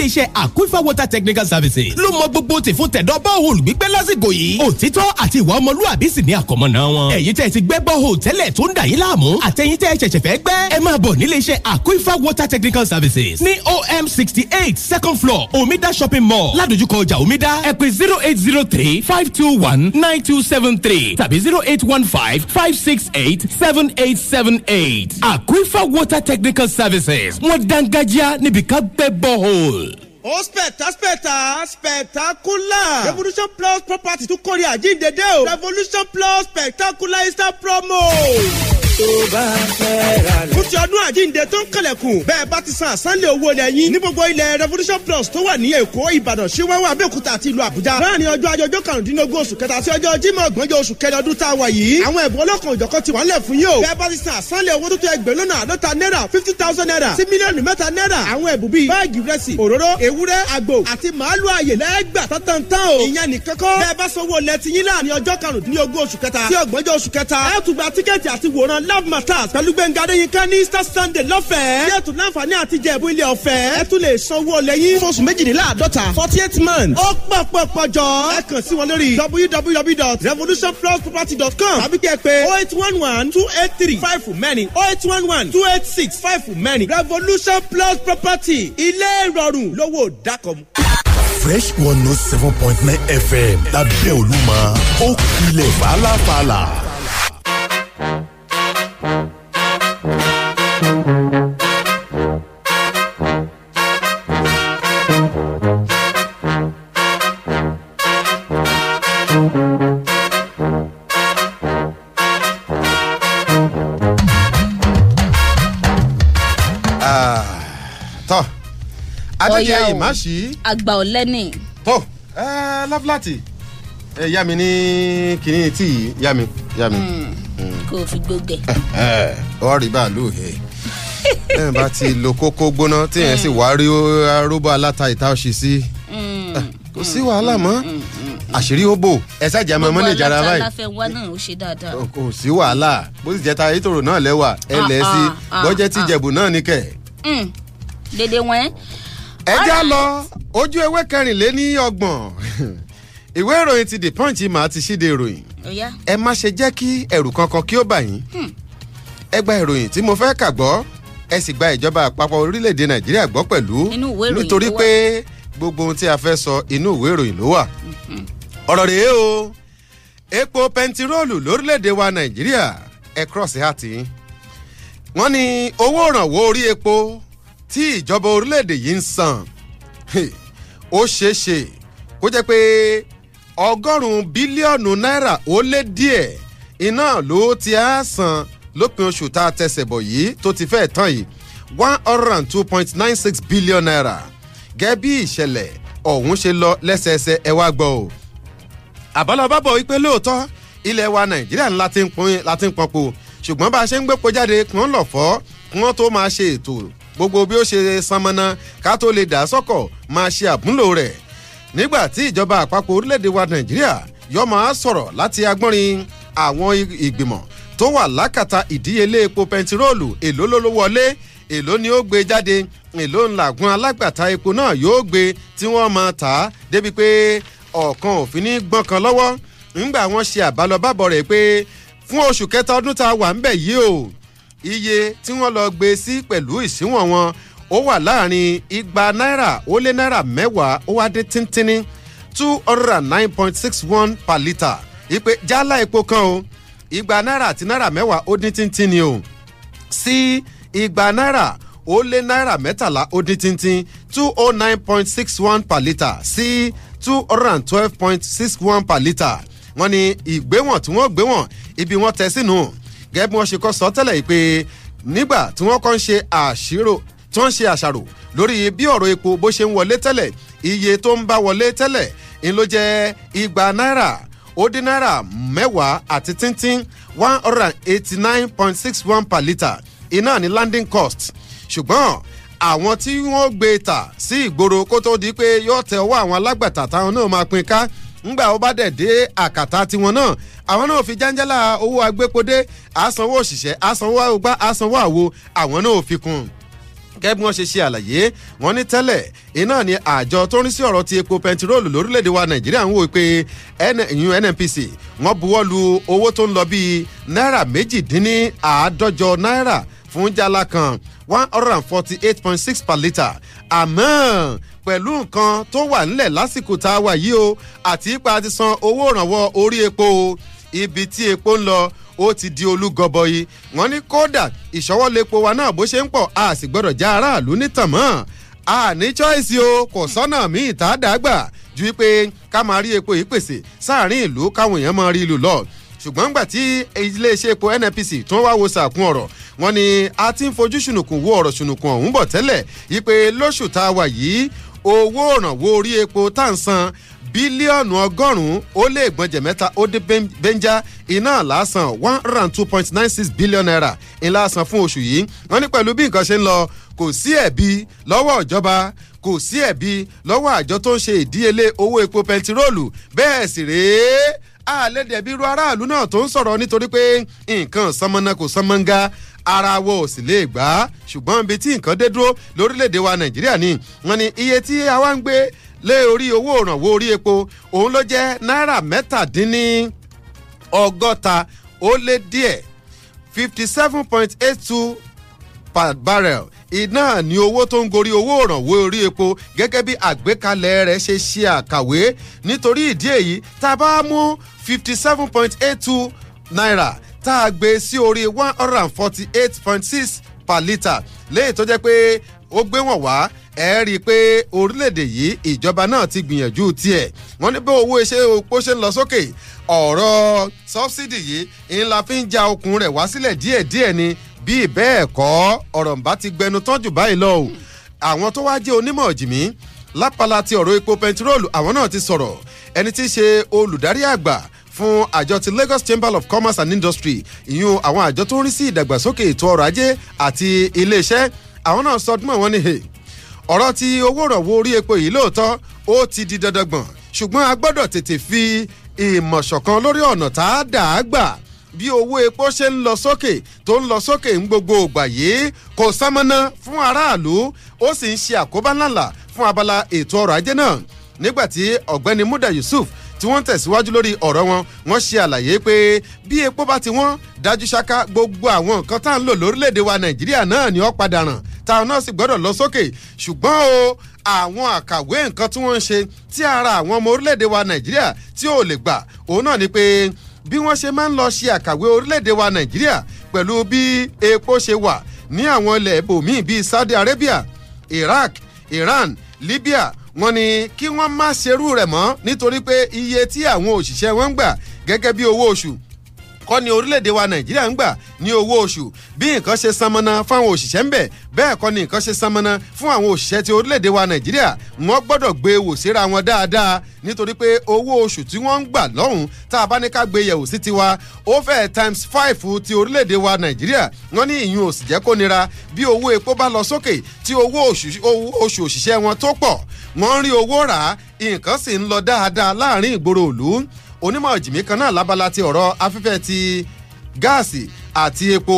iléeṣẹ́ aquifer water technical services ló mọ gbogbo tìfún tẹ̀dọ́ bọ́ọ̀hù gbígbẹ́ lásìkò yìí òtítọ́ àti ìwà ọmọlúwàbí sì ní àkọ́mọ́ná wọn. ẹ̀yin tẹ́ ti gbẹ́ bọ́ọ̀hù tẹ́lẹ̀ tó ń dà yín láàmú àtẹ̀yin tẹ́ ṣẹ̀ṣẹ̀ fẹ́ gbẹ́ ẹ máa bọ̀ níléeṣẹ́ aquifer water technical services ní om sixty eight second floor omida shopping mall ládojúkọ ọjà omida ẹ pè zero eight zero three five two one nine two seven three tàbí zero eight one five five six eight seven eight seven eight aquifer water technical services wọ́n dángájá níbi ká gbẹ́ bọ́ọ̀hù ó spectacular spectacular revolution plus property tún kórè àjíǹde dé o revolution plus spectacular instant promo tó bá fẹ́ ra lẹ̀. fún ti ọdún àjíǹde tó ń kẹlẹ̀kùn bẹ́ẹ̀ bá ti san àsánlẹ̀ owó ilẹ̀ yín ní gbogbo ilẹ̀ revolution plus tó wà ní èkó ìbàdàn ṣíwáwá abẹ́òkúta àti ìlú àbújá láàrin ọjọ́ ajé ọjọ́ karùndínlógún oṣù kẹta sí ọjọ́ jímọ̀ ọgbọ̀njọ́ oṣù kẹrin ọdún tá a wà yìí àwọn ẹ̀bùn ọlọ́kan òjọ̀kan ti wà ńlẹ̀ fún yóò bẹ́ẹ̀ bá ti san àsánlẹ̀ owó tó tó ẹgbẹ̀rún lọ́nà àádọ́ta náírà fifty thousand naira sí mílíọ̀nù mẹ́ta náírà àwọn ẹ̀bùn bíi báàgì rẹsì òróró ewúrẹ́ àgbò àti màálù ààyè lẹ́gbà tán tán o ìyẹn nìkan kọ́ bẹ́ẹ̀ bá sanwó lẹ́tìyín láàrin ọjọ́ karùndínlógún oṣù kẹta sí ọgbọ̀njọ́ oṣù kẹta ẹ̀ tún gba tíkẹ́ẹ̀tì àti wòran love matters pẹ̀lú gbẹ̀ngà adéyínká ní easter sunday lọ́fẹ̀ẹ́ yẹ tún láǹfààní àti jẹ̀bú ilé ọ̀fẹ́ ẹ tún lè san owó lẹ́yìn fọ́sùn méjìléláàdọ́ta forty eight months ó pọ̀ jọ ẹ kàn sí wọn lórí www.revolutionplusproperty.com tàbí kí ẹ pé oh eight one one two eight three five for many oh eight one one two eight six five for many revolution plus property ilé ìrọ̀rùn lówó dákọ̀mù. fresh one note oh seven point nine fm lábẹ́ olúmọ ó kilẹ̀ fàlàfàlà. Ah, adéjẹ ìmáṣí. àgbà ọ̀lẹ́ ni. tó eh, láfúlàtì eh, ẹ yá mi ní kinní tí yá mi yá mi. Mm kó o fi gbógbẹ. ọ rí bàálù he ẹ bá ti lo kókó gbóná tí yẹn sì wá rí arúgbó aláta ìta ọ̀sì sí mm. eh, kò sí wàhálà mọ́ mm, mm, àṣírí ó bò ẹ ṣàjà mọ mọ nìjàrá báyìí gbogbo aláta aláfẹ wa náà ó ṣe dáadáa. kò sí wàhálà bó sì jẹ ta ètòrò náà lẹ́wà ẹ ah, lẹ́ sí ah, ah, bọ́jẹ́ tìjẹ̀bù náà ní kẹ̀. ẹ. já lọ ojú ewé kẹrìnléní ọgbọ̀n ìwé ìròyìn ti the punch máa ti ṣíde ìròyìn Oh, ẹ má ṣe jẹ́ kí ẹ̀rù kankan kí ó bà yín hmm. ẹ gba ìròyìn tí mo fẹ́ kà gbọ́ ẹ sì gba ìjọba àpapọ̀ orílẹ̀-èdè nàìjíríà gbọ́ pẹ̀lú nítorí pé gbogbo ohun tí a fẹ́ sọ inú ìwé ìròyìn ló wà hmm. ọ̀rọ̀ rèé o epo pẹntiróòlù lórílẹ̀-èdè wa nàìjíríà ẹ cross heart yín wọ́n ní owó òrànwó orí epo tí ìjọba orílẹ̀-èdè yìí ń san ó ṣeé ṣe kó jẹ́ pé ọgọ́rùn-ún bílíọ̀nù náírà ó lé díẹ̀ iná ló ti á san lópin oṣù tá a tẹsẹ̀ bọ̀ yìí tó ti fẹ́ẹ̀ tán yìí one hundred and two point nine six billion naira gẹ́gẹ́ bí ìṣẹ̀lẹ̀ ọ̀hún ṣe lọ lẹ́sẹẹsẹ ẹ wá gbọ́ o àbálọ́bá bọ̀ wípé lóòótọ́ ilẹ̀ wa nàìjíríà ńlá ti ń pọn la ti ń pọn po ṣùgbọ́n bá a ṣe ń gbépo jáde kàn lọ̀ fọ́ kí wọ́n tó máa ṣe ètò gbogbo bí ó ṣe sanmọ́nà ká tó lè dà á sọ́kọ̀ máa ṣe àmúlò rẹ̀ nígbà tí ìjọba àpapọ̀ orílẹ̀-èdè wa nàìjíríà yọ máa sọ̀rọ̀ láti agbọ́nrin àwọn ìgbìmọ̀ tó wà lákàtà ìdíyelé epo pẹntiróòlù èló ló ló wọlé èló ni ó gbé jáde èló ńlágun alágbàtà epo náà yóò gbé tí wọ́n máa tà á débi pé ọ̀kan òfin ní gbọ́n kan lọ́wọ́ ńgbà wọ́n ṣe àbálọbábọ̀ rẹ̀ pé fún oṣù kẹta ọdún tá wà ńbẹ̀ yìí o iye tí wọ́n lọ gbé sí pẹ̀lú ìsíwọ̀n wọn ó wà láàrin igba náírà ó lé náírà mẹ́wàá ó wá dé tíntínní two hundred and nine point six one per litre ìpè jálá epo kan o igba náírà àti náírà mẹ́wàá ó dín tíntínní o sí igba náírà ó lé náírà mẹ́tàlá ó dín tíntín two oh nine point six one per litre sí two hundred and twelve point six one per litre. wọ́n ní ìgbéwọ̀n tí wọ́n gbéwọ̀n ibi wọ́n tẹ̀ sínú gẹ́gẹ́ bí wọ́n ṣe kọ́ sọ tẹ́lẹ̀ nígbà tí wọ́n kọ́ ń ṣe àṣírò tó ń ṣe àṣàrò lórí bí ọ̀rọ̀ epo bó ṣe ń wọlé tẹ́lẹ̀ iye tó ń bá wọlé tẹ́lẹ̀ ń ló jẹ́ igba náírà ó dín náírà mẹ́wàá àti tíntín one hundred and eighty nine point six one per litre iná ní landing cost ṣùgbọ́n àwọn tí wọ́n gbé e tà sí ìgboro kó tó di pé yóò tẹ ọwọ́ àwọn alágbàtà táwọn náà máa pín ká ngbà ó bá dẹ̀ dé àkàtà tiwọn náà àwọn náà fi jáńjálà owó agbépodé àsanwó òṣìṣẹ́ àsanwó àwògbá àsanwó àwo àwọn náà fi kún un gẹ́gẹ́ bí wọ́n ṣe ṣe àlàyé wọ́n ní tẹ́lẹ̀ iná ni àjọ tó ń rí sí ọ̀rọ̀ ti epo pẹntiróòlù lórílẹ̀‐èdè wa nàìjíríà ń wò pé ẹ̀yìn nnpc wọ́n buwọ́ lu owó tó ń lọ bíi náírà méjìdínláàádọ́jọ náírà fún jala kan one hundred and forty eight point six per litre àmọ́ pẹ̀lú nǹkan tó wà nílẹ̀ lásìkò tá a wà yìí o àti ipa ti san owó ìrànwọ́ orí epo ibi tí epo ń lọ ó ti di olúgọbọyì wọ́n ní kódà ìṣọwọ́lepo wa náà bó ṣe ń pọ̀ a sì gbọ́dọ̀ já aráàlú nítàn mọ́ àní choice o kò sọ́nà míì tá a dàgbà ju wípé ká máa rí epo yìí pèsè sáàrin ìlú káwọn èèyàn máa rí ìlú lọ ṣùgbọ́n gbà tí iléeṣẹ́ epo nnpc tí wá wo sàkún ọ̀rọ̀ wọn ni a ti ń fojú ṣùnùkùn wo ọ̀rọ̀ ṣùnùkùn ọ̀hún bọ̀ tẹ́lẹ̀ yí pé lóṣù tá a wà yìí owó òrànwó orí epo tá à ń san bílíọ̀nù ọgọ́rùn-ún ó lé ìgbọ̀njẹ̀ mẹ́ta ó dé bẹ́ńjá iná lásán one hundred and two point nine six billion naira ńlá san fún oṣù yìí wọ́n ní pẹ̀lú bí nǹkan ṣe ń lọ kò sí ẹ̀bi lọ́wọ́ ìjọba kò sí ẹ̀bi lọ́wọ́ àjọ tó ń ṣe ìdíyelé owó epo pẹntiróòlù bẹ́ẹ̀ sì rèé àlédèbí irú aráàlú náà tó ń sọ̀rọ̀ nítorí pé nǹkan sánmọ́ná kò sánmọ́ngá ara wo ò sì lè gbà á ṣùgbọ́n ibi tí nǹkan dé dúró lórílẹ̀‐èdè wa nàìjíríà ni wọ́n ní iye tí a wá ń gbé lé orí owó òrànwó orí epo òun ló jẹ́ náírà mẹ́tàdínní ọgọ́ta ó lé díẹ̀ fifty seven point eight two per barrel iná ni owó tó ń gorí owó òrànwó orí epo gẹ́gẹ́ bí àgbékalẹ̀ rẹ̀ ṣe ṣe àkàwé nítorí ìdí èyí tá a bá mú fifty seven point eight two naira tá a gbé sí orí one hundred and forty eight point six per litre léyìí tó jẹ́ pé ó gbé wọ̀n wá ẹ rí i pé orílẹ̀-èdè yìí ìjọba náà ti gbìyànjú tiẹ̀ wọ́n ní bó owó iṣẹ́ opó ṣe ń lọ sókè ọ̀rọ̀ sọ́bsidì yìí ńlá fi ń ja okùn rẹ̀ wá sílẹ̀ díẹ̀díẹ̀ ni bí bẹ́ẹ̀ kọ́ ọ̀rọ̀ ń bá ti gbẹnu tán jù báyìí lọ o àwọn tó wá jẹ́ onímọ̀ jìmí lápala ti ọ̀rọ̀ epo bẹntiróòlù àwọn náà ti sọ̀rọ̀ ẹni tí í ṣe olùdarí àgbà fún àjọ ti Lagos Chamber of Commerce and Industry ìyún àwọn àjọ tó ń rí sí ìdàgbàsókè ètò ọrọ̀ ajé àti iléeṣẹ́ àwọn náà sọdúnmọ̀ wọn ni hey ọ̀rọ̀ ti owó rọ̀wọ́ orí epo yìí lóòótọ́ ó ti di dandan gbọ̀n ṣùgbọ́n a gbọ́dọ̀ tètè fi ìmọ̀ṣọ̀kan lórí ọ̀nà tá a dà á gbà bí owó epo ṣe ń lọ sókè tó ń lọ sókè ń gbogbo ògbà yìí kò sámọ́ná fún aráàlú ó sì ń ṣe àkóbá ńláńlá fún abala ètò ọrọ̀ ajé náà nígbàtí ọ̀gbẹ́ni muda yusuf tí wọ́n ń tẹ̀síwájú lórí ọ̀rọ̀ wọn wọ́n ṣe àlàyé pé bí epo bá ti wọ́n dájú ṣáká gbogbo àwọn nǹkan tá à ń lò lórílẹ̀‐èdè wa nàìjíríà náà ni ó padà ràn táwọn náà sì gbọ́dọ̀ lọ sókè ṣùgbọ́n o àwọn àkàwé nǹkan tí wọ́n ń ṣe tí ara àwọn ọmọ orílẹ̀-èdè wa nàìjíríà tí ò lè gbà òun náà ni pé bí wọ́n ṣe máa ń lọ ṣe àkàwé orílẹ̀-èdè wa nàìjíríà pẹ̀lú bí epo ṣe wà ní àwọn ilẹ̀ ibòmíì bíi saudi arabia iraq iran libya wọ́n ní kí wọ́n má ṣerú rẹ̀ mọ́ nítorí pé iye tí àwọn òṣìṣẹ́ wọn ń gbà gẹ́gẹ́ bí owó oṣù kọ́ ni orílẹ̀-èdè wa nàìjíríà ń gbà ní owó oṣù bí nǹkan ṣe sanmọ́nà fáwọn òṣìṣẹ́ ń bẹ̀ bẹ́ẹ̀ kọ́ ni nǹkan ṣe sanmọ́nà fún àwọn òṣìṣẹ́ ti orílẹ̀-èdè wa nàìjíríà wọ́n gbọ́dọ̀ gbé wò síra wọn dáadáa nítorí pé owó oṣù tí wọ́n ń gbà lọ́hùn tá a bá ní ká gbé yẹ̀wò sí tiwa ó times five ti orílẹ̀-èdè wa nàìjíríà wọ́n ní ìyún òsì jẹ́ kó nira bí owó epo bá lọ sókè tí owó oṣù òṣìṣẹ́ wọn tó pọ̀ wọ́n ń rí owó rà á nǹkan sì ń lọ dáadáa láàrin ìgboro òlu onímọ̀ ìjìmí kan náà lábala ti ọ̀rọ̀ afẹ́fẹ́ ti gáàsì àti epo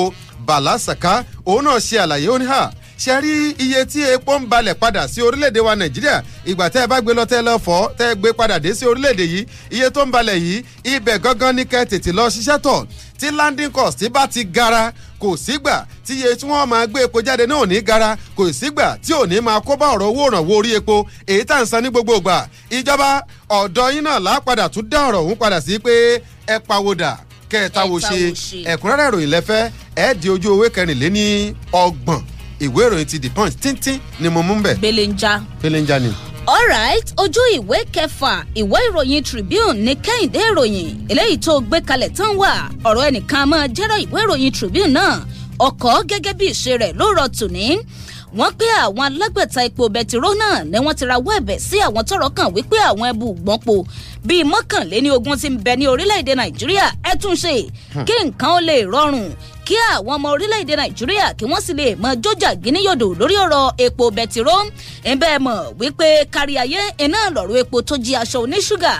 bàlá sàká òun náà ṣe àlàyé ó ní hà ṣe rí iye tí epo ń balẹ̀ padà sí orílẹ̀-èdè wa nàìjíríà ìgbà tẹ́ ẹ bá gbé lọ tẹ́ lọ fọ́ tẹ́ ẹ gbé padà dé sí orílẹ̀-èdè yìí iye tó ń balẹ̀ yìí ibẹ̀ gangan ní kẹ́ tètè lọ ṣiṣẹ́ tọ̀ tí landing cost bá ti gara kò sígbà tí iye tí wọ́n máa gbé epo jáde náà ò ní gara kò sígbà tí ò ní máa kó bá ọ̀rọ̀ owó òrànwó orí epo èyí tá à ń san ní gbogbo ìgbà ìjọba ọ̀dọ̀ yín náà lápadà tún dá ọ̀rọ̀ òun padà sí pé ẹ pawódà kẹta wo ṣe ẹ̀kúnrẹ́rẹ́ ìròyìn lẹ́fẹ́ ẹ̀ di ojú owó kẹrìnléní ọgbọ̀n ìwé ìròyìn ti the punch tíntín ni mo mú bẹ̀. belenja belenja ni. alright ojú ìwé kẹfà ìwé ìròyìn tribune ni kẹ́hìndé ìròyìn eléyìí tó gbé kalẹ̀ tán wà ọ̀rọ̀ ẹnìkan máa jẹ́rọ ìwé ìròyìn tribune náà ọkọ̀ gẹ́gẹ́ bí ìṣe rẹ̀ ló rọ tòní wọ́n pé àwọn alágbàtà epo bẹtiró náà ni wọ́n ti rawọ́ ẹ̀bẹ̀ sí àwọn tọ́rọ̀ kàn wípé àwọn ẹbù gbọǹpo bíi mọ́kànléní ogún ti ń bẹ ní orílẹ̀-èdè nàìjíríà ẹ hmm. kí nǹkan ó lè rọrùn kí àwọn ọmọ orílẹ̀-èdè nàìjíríà kí wọ́n sì lè mọ jójà gíníyòdò lórí ọ̀rọ̀ epo bẹtiró ẹ̀bẹ̀ mọ̀ wípé kárí ayé iná lọ̀rọ̀ epo tó jí aṣọ oníṣúgà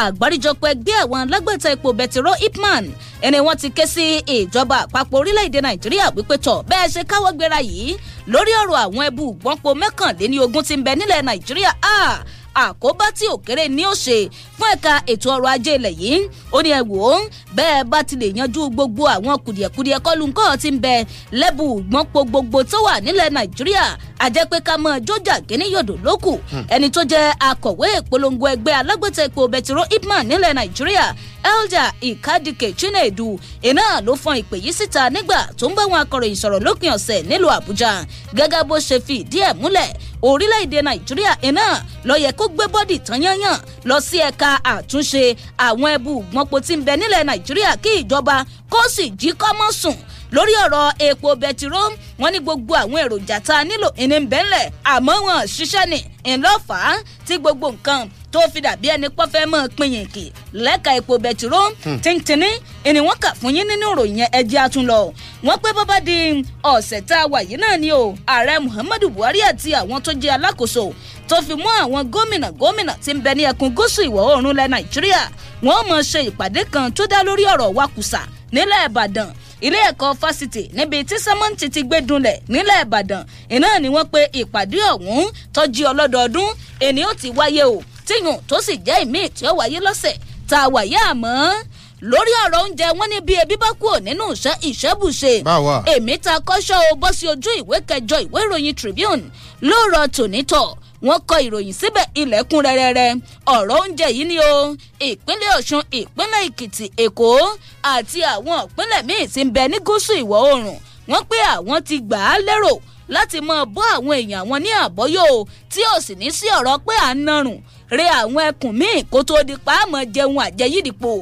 àgbáríjọpọ̀ ẹgbẹ́ àwọn alágbàtà epo bẹtiró ipman ẹni wọ́n ti ké sí ìjọba àpapọ̀ orílẹ̀-èdè nàìjíríà wípé tọ̀ bẹ́ẹ̀ ṣe káwọ́ gbéra yìí lórí ọ̀rọ̀ àwọn ẹbú gbọ́npo mẹ́kànléní ogún ti ń bẹ nílẹ̀ nàìjíríà ah! àkóbá tí ò kéré ní ó ṣe fún ẹ̀ka ètò ọrọ̀ ajé ilẹ̀ yìí ó ní ẹ wò ó bẹ́ẹ̀ bá ti lè yanjú gbogbo àwọn kùdìẹ̀kudiẹ kọ́lu ti ń bẹ lẹ́bùn gbọ́npo gbogbo tó wà nílẹ̀ nàìjíríà àjẹ́ pé ká mọ̀ jójà kíní yòdò lókù ẹni tó jẹ́ akọ̀wé ìpolongo ẹgbẹ́ alágbètè epo bẹtiró ipman nílẹ̀ nàìjíríà elder ikadike chinedu iná ló fọn ìpè yìí síta nígbà tó ń bá wọn akọ̀ròyìn sọ̀rọ̀ lópin ọ̀sẹ̀ nílùú àbújá gẹ́gẹ́ bó ṣe fi ìdí ẹ̀ múlẹ̀ orílẹ̀-èdè nàìjíríà iná ló yẹ kó gbé bọ́dì tán yányàn lọ sí ẹ̀ka àtúnṣe àwọn ẹbù gbọ́npo tí ń bẹ nílẹ̀ nàìjíríà kí ìjọba kó sì jí kọ́mọ́ lórí ọ̀rọ̀ epo bẹtiró wọn ní gbogbo àwọn èròjà tá a nílò ìní ń bẹ́ńlẹ̀ àmọ́ wọn ṣiṣẹ́ ni ńlọ́fàá tí gbogbo nǹkan tó fi dàbí ẹni pọ́ fẹ́ mọ́ pinyìnkì lẹ́ka epo bẹtiró hmm. tíntìní ìní wọn kà fún yín nínú ìròyìn ẹjẹ́ àtúnlọ wọn pé bọ́bá di ọ̀sẹ̀ tá a wà yìí náà ni o ààrẹ muhammadu buhari àti àwọn tó jẹ́ alákòóso tó fi mú àwọn gómìnà gómìnà tí ń bẹ ní ẹkùn gúúsù ìwọ̀ oòrùn lẹ nàìjíríà wọn mọ̀ ṣe ìpàdé kan tó dá lórí ọ̀rọ̀ wakùsà nílẹ̀ ìbàdàn ilé ẹ̀kọ́ fásitì níbi tí sẹ́mọ́ǹtì ti gbé dunlẹ̀ nílẹ̀ ìbàdàn iná ni wọ́n pe ìpàdé ọ̀hún tọ́jú ọlọ́dọọdún èni ó ti wáyé o tíyùn tó sì jẹ́ ìmí tí ó wáyé lọ́sẹ̀ tá a wáyé àmọ́ lórí ọ̀rọ̀ oúnjẹ wọn ní bí ebi bá kúrò nínú iṣẹ́ ìṣẹ́bùṣe èmi ta kọ́ṣọ́ o bọ́ sí ojú ìwé kẹjọ ìwé ìròyìn tribune lóòrọ̀ tònítọ̀ wọ́n kọ ìròyìn síbẹ̀ ilẹ̀kùn rẹ́rẹ́rẹ́ ọ̀rọ̀ oúnjẹ yìí ni o ìpínlẹ̀ ọ̀ṣun ìpínlẹ̀ èkìtì èkó àti àwọn ìpínlẹ̀ míì ti ń bẹ ní gúúsù ìwọ̀ oòrùn wọ́n pé àwọn ti gbà á lérò láti máa bọ́ àwọn èèyàn wọn ní àbọ́yò tí ò sì ní sí ọ̀rọ̀ pé à ń narùn re àwọn ẹkùn míì kó tó di pàmò jẹun àjẹyídìpọ̀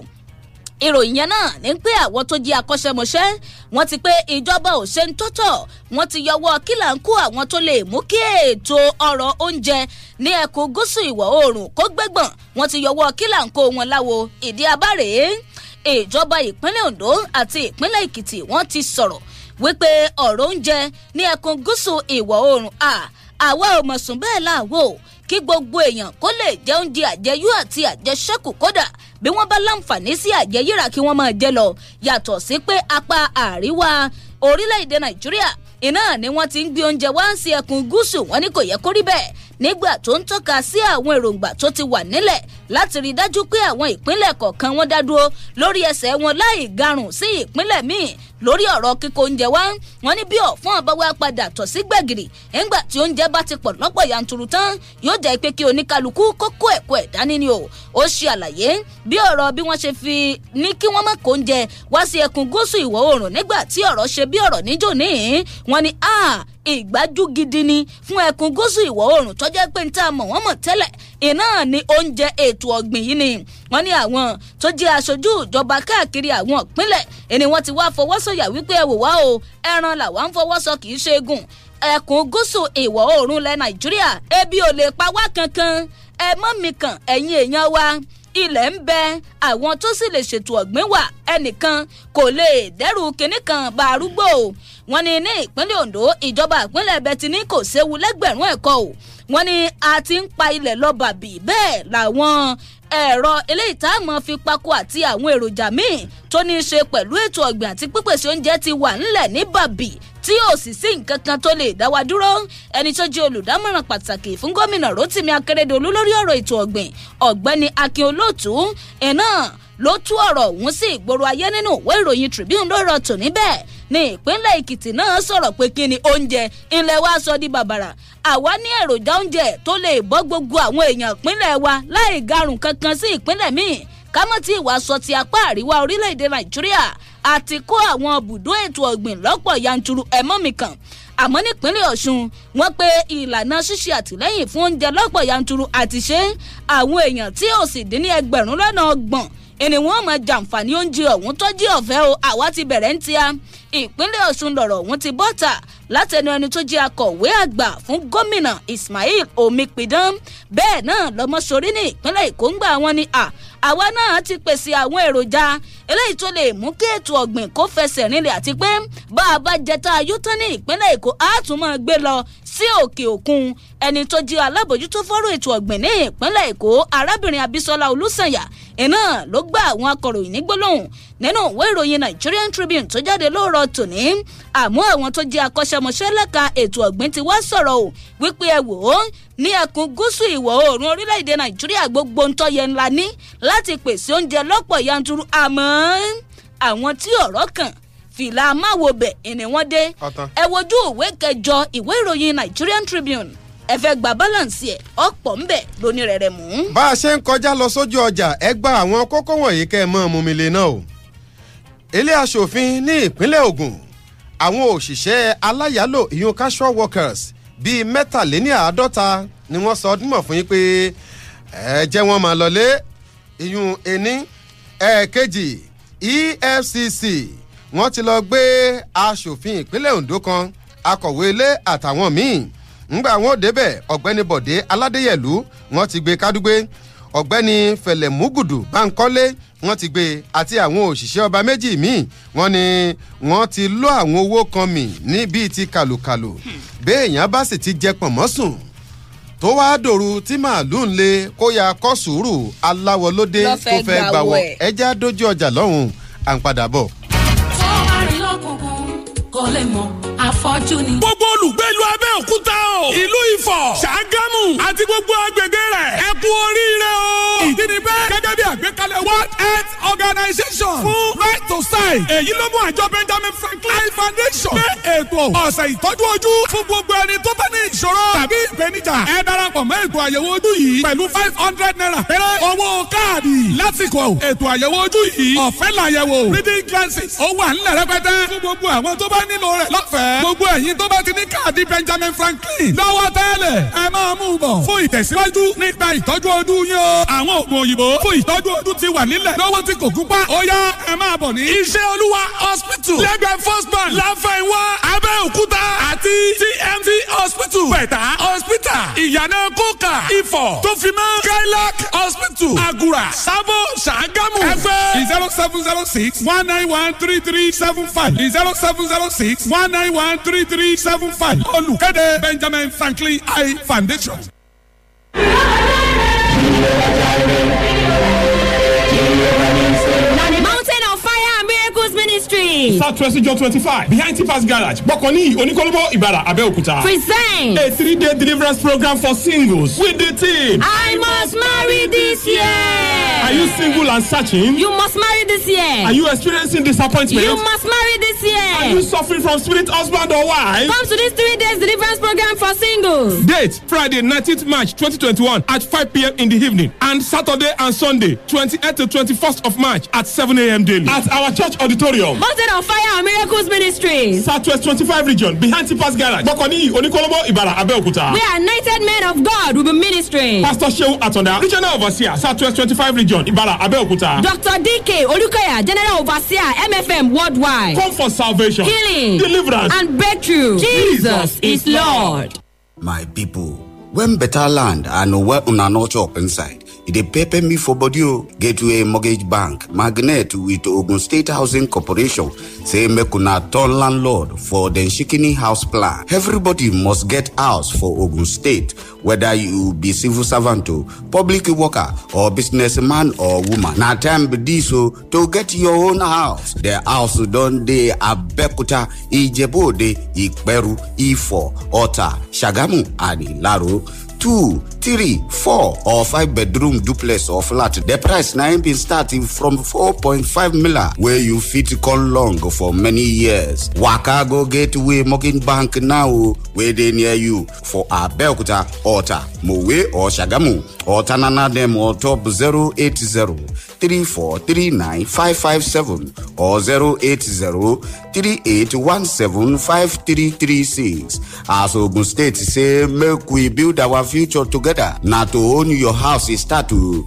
ìròyìn yẹn náà ní pé àwọn tó jẹ́ akọ́ṣẹ́mọṣẹ́ wọ́n ti pé ìjọba ò ṣe ń tọ́tọ̀ wọ́n ti yọwọ́ kílà ń kó àwọn tó lè mú kí ètò ọrọ̀ oúnjẹ ní ẹkùn gúúsù ìwọ̀ oòrùn kó gbégbọ̀n wọ́n ti yọwọ́ kílà ń kó wọn láwo ìdí abáre ìjọba ìpínlẹ̀ ondo àti ìpínlẹ̀ èkìtì wọ́n ti sọ̀rọ̀ wípé ọ̀rọ̀ oúnjẹ ní ẹkùn gúúsù ìwọ̀ oòrùn àwa ò mọ̀sùn bẹ́ẹ̀ láàwọ̀ kí gbogbo èèyàn kó lè jẹ oúnjẹ àjẹyó àti àjẹṣẹ́kù kódà bí wọ́n bá láǹfààní sí àjẹyíra kí wọ́n máa jẹ lọ yàtọ̀ sí pé apá àríwá orílẹ̀-èdè nàìjíríà iná ni wọ́n ti ń gbé oúnjẹ wá sí ẹkùn gúúsù wọn ni kò yẹ kó bẹ́ẹ̀ nígbà tó ń tọ́ka sí àwọn èròǹgbà tó ti wà nílẹ̀ láti rí dájú pé àwọn ìpínlẹ̀ kọ̀ọ̀kan wọn dá dúró lórí ẹsẹ̀ wọn láì garùn sí ìpínlẹ̀ míì lórí ọ̀rọ̀ kíkó oúnjẹ wá wọn ní bí ọ̀fọ́n àbáwá padà tọ̀ sí gbẹ̀gìrì nígbà tí oúnjẹ bá ti pọ̀ lọ́pọ̀ yanturu tán yóò jẹ́ pé kí oníkálukú kókó ẹ̀kọ́ ẹ̀ dání o ó ṣe àlàyé bí ọ̀rọ̀ bí wọ́n ṣe fi ní kí wọ́n má kó oúnjẹ wá sí ẹkùn gúúsù ìwọ̀ oòrùn nígbà tí ọ̀rọ̀ ṣe bí ọ̀rọ̀ níjò níhìn wọn ni ìgbájú gidi ni fún ẹkùn gúúsù ìwọ̀ oòrùn tó jẹ́ pé níta mọ̀ wọ́n mọ̀ tẹ́lẹ̀ iná ni oúnjẹ ètò ọ̀gbìn yìí ni wọ́n ní àwọn tó jẹ́ aṣojú ìjọba káàkiri àwọn ìpínlẹ̀ ẹni wọ́n ti wá fọwọ́sọ̀yà wípé ẹ wò wá o ẹran làwa ń fọwọ́sọ kì í ṣe egun ẹkùn gúúsù ìwọ̀ oòrùn lẹ Nàìjíríà ebi ò lè pa wá kankan ẹ mọ́ mi kàn ẹ̀yin èèyàn wa ilẹ̀ ń bẹ àwọn tó sì lè ṣètò ọ̀gbìn wà ẹnìkan kò lè dẹ́rù kinní kan bá arúgbó wọ́n ní ní ìpínlẹ̀ Ondo ìjọba ìpínlẹ̀ Bẹ̀tìní kò séwu lẹ́gbẹ̀rún ẹ̀kọ́ o wọ́n ní a ti ń pa ilẹ̀ lọ bàbí bẹ́ẹ̀ làwọn ẹ̀rọ eléyìí tá a fi pako àti àwọn èròjà míì tó ní í ṣe pẹ̀lú ètò ọ̀gbìn àti pípèsè oúnjẹ ti wà ńlẹ̀ ní bàbí tí ò sì sí nǹkan kan tó lè dá wa dúró ẹni tó jẹ́ olùdámọ̀ràn pàtàkì fún gómìnà Rotimi Akeredolu lórí ọ̀rọ̀ ètò ọ̀gbìn ọ̀gbẹ́ni Akin Olóòtú ẹ̀ náà ló tú ọ̀rọ̀ ọ̀hún sí ìgboro ayé nínú ìwé ìròyìn Tribune lọ́rọ̀ tò níbẹ̀ ní ìpínlẹ̀ èkìtì náà sọ̀rọ̀ pé kí ni oúnjẹ ilẹ̀ wa sọ di bàbàrà àwa ní èròjà oúnjẹ tó lè bọ́ gbogbo àwọn èèyàn ìpínlẹ̀ wa láì garùn kankan sí ìpínlẹ̀ míì kámọ́ tí ìwà sọ ti apá àríwá orílẹ̀-èdè nàìjíríà àti kó àwọn bùdó ètò ọ̀gbìn lọ́pọ̀ yanturu ẹ̀mọ́mì kan àmọ́ nípínlẹ̀ ọ̀ṣun wọ́n pe ìlànà ṣíṣe àtìlẹ́yìn fún oúnjẹ lọ́pọ̀ yanturu àti ṣe àwọn èèyàn tí ò sì dín ní ẹgbẹ̀rún lọ́nà ọgbọ̀n ènìwọ̀n mọ̀ jàǹfààní oúnjẹ ọ̀hún tó ọ̀fẹ́ o àwa ti bẹ̀rẹ̀ ń tia ìpínlẹ̀ Ọ̀ṣun lọ̀rọ̀ ọ̀hún ti bọ́ta látẹnu ẹni tó jẹ́ akọ̀wé àgbà fún gómìnà Ismail Omipidan bẹ́ẹ̀ náà lọ́mọ́sorí ní ìpínlẹ̀ Èkó ń gbà wọ́n ní à àwa náà ti pèsè àwọn èròjà eléyìí tó lè mú kí ètò ọ̀gbìn kó fẹsẹ̀ rinlẹ̀ àti pé bá a bá jẹta ayútán ní ìpínlẹ̀ Èkó á tún máa gbé lọ sí òkè òkun ẹni tó jẹ́ alábòjútó fọ́rọ̀ ètò ọ̀gbìn ní ìpínlẹ̀ Èkó arábìnrin Abísọ́lá Olúṣànyà iná ló gbá àwọn akọ̀ròyìn ní nínú ìwé ìròyìn Nigerian Tribune tó jáde lóòrọ̀ láàárọ̀ tòní àmọ́ àwọn tó jẹ́ akọ́ṣẹ́mọṣẹ́ lẹ́ka ètò ọ̀gbìn ti wá sọ̀rọ̀ o wípé ẹ wò ó ní ẹkùn gúúsù ìwọ̀ oòrùn orílẹ̀-èdè nàìjíríà gbogbo ń tọ́yẹ ńlá ní láti pèsè oúnjẹ lọ́pọ̀ yanturu àmọ́ àwọn tí ọ̀rọ̀ kàn fìlà amáwòbẹ̀ ìní wọn dé ẹ wojú ìwé kẹjọ ìwé ìròyìn nigerian tribune ẹ fẹ́ gba balance ẹ̀ ọ̀pọ̀ ń bẹ̀ lónìí rẹ̀ rẹ̀ mú. bá a ṣe ń kọjá lọ sójú ọjà ẹ gba àwọn kókó wọ̀nyí kẹ́ ẹ mọ́ ọmọ mi lè náà o ilé aṣòfin ní ìpínlẹ̀ ogun, àwọn òṣìṣẹ́ aláyàlò ìyún casual workers bíi mẹ́tàléníàádọ́ta ni wọ́n sọ ọdún mọ̀ fún yín pé ẹ jẹ́ wọ́n máa lọlé ìyún ení ẹ̀ẹ̀kejì EFCC wọ́n ti lọ gbé aṣòfin ìpínlẹ̀ Ondo kan akọ̀wé ilé àtàwọn míì ńgbà wọn ò débẹ̀ ọ̀gbẹ́ni Bọ̀dé Aládéyẹ̀lú wọ́n ti gbé e kádúgbé ọ̀gbẹ́ni fẹ̀lẹ̀múgùdù báńkọ́lé wọ́n ti gbé e àti àwọn òṣìṣẹ́ ọba méjì míì wọ́n ní wọ́n ti lọ àwọn owó kan mì ní bíi ti kàlùkàlù béèyàn bá sì ti jẹ pọ̀nmọ́ sùn tó wáá dòru tí màálùú ń le kó ya kọ́ sùúrù aláwọ̀ tó fẹ́ gbàwọ̀ ẹja dójú ọjà lọ́hùn-ún à ń padà bọ̀ kò lè mọ̀ afọ́jú ni. gbogbo olùgbé ìlú Abẹ́òkúta o ìlú Ifọ̀ Ṣàgámù àti gbogbo agbègbè rẹ̀ ẹ oríire o. ìdí ni bẹ́ẹ̀ gẹ́gẹ́ bí àgbékalẹ̀ World Health Organization fún right to sign. èyí ló mú àjọ Benjamin Franklin Foundation gbé ètò ọ̀sẹ̀ ìtọ́jú ojú fún gbogbo ẹni tó bá ní ìṣòro tàbí ìpèníjà ẹ darapọ̀ mọ́ ètò àyẹ̀wò ojú yìí pẹ̀lú five hundred naira péré owó káàdì lásìkò ètò àyẹ̀wò ojú yìí ọ̀fẹ́ làyẹ̀wò reading glasses ó wà nílẹ̀ rẹpẹtẹ fún gbogbo àwọn tó bá nílò rẹ̀ lọ́fẹ̀ẹ́ gbogbo ẹ̀yin tó bá ti ní káàdì Benjamin Franklin lọ́wọ́ tẹ́lẹ̀ ẹ máa mú un bọ̀ fún ìtẹ̀síwájú nípa ìtọ́jú ojú yín o àwọn oògùn òyìnbó fún ìtọ́jú ọlọ́dún ọdún ti wà nílẹ̀ lọ́wọ́ tí kò gúnpá ó yá ẹ máa bọ̀ ní. iṣẹ́ olúwa hospital lẹ́gbẹ̀ẹ́ first bank láfẹ̀wá abẹ́òkúta àti tmt hospital pẹ̀tà hospital ìyànà kókà ifọ̀ tó fi mọ́ skylark hospital Agura. Sabo ṣàgámù ẹgbẹ́ zero seven zero six one nine one three three seven five zero seven zero six one nine one three three seven five olùkéde Benjamin Franklin i foundation. southwest job twenty five behind tipas garage gbọ̀kànní oníkólóbó ìbàrà abẹ́òkúta. present a three day deliverance program for singles with the team. i must marry this year. Are you single and searching? You must marry this year. Are you experiencing disappointment? You must marry this year. Are you suffering from spirit husband or wife? Come to this three day deliverance program for singles. Date Friday 19th March 2021 at 5 p.m. in the evening and Saturday and Sunday 28th to 21st of March at 7 a.m. daily at our church auditorium. Most of Fire and Miracles Ministry. Southwest 25 region, behind Tipas Garage, Bokoni, Ibara, Abeokuta. We are United men of God will be ministering. Pastor Shehu Atonda, Regional Overseer, Southwest 25 region, Ibara, Abeokuta. Dr. DK Olukaya, General Overseer, MFM Worldwide. Come for salvation, healing, deliverance, and breakthrough. Jesus, Jesus is Lord. My people, when better land and where una no inside e dey pepper me for body o oh. gateway mortgage bank magnet with ogun state housing corporation say make una turn landlord for dem shikini house plan everybody must get house for ogun state whether you be civil servant o oh, public worker or businessman or woman na time be dis o oh, to get your own house the house don dey abeokuta ijebu-ode iperu ifo ota sagamu and ilaro two three four or five bedroom duplex or flat the price na im bin starting from four point five million wey you fit come long for many years waka go gateway mortgage bank now o wey dey near you for abeokuta ọta mowe or sagamu or tanana dem or top zero eight zero three four three nine five five seven or zero eight zero three eight one seven five three three six as ogun state say make we build our future together together. Now to own your house is start to.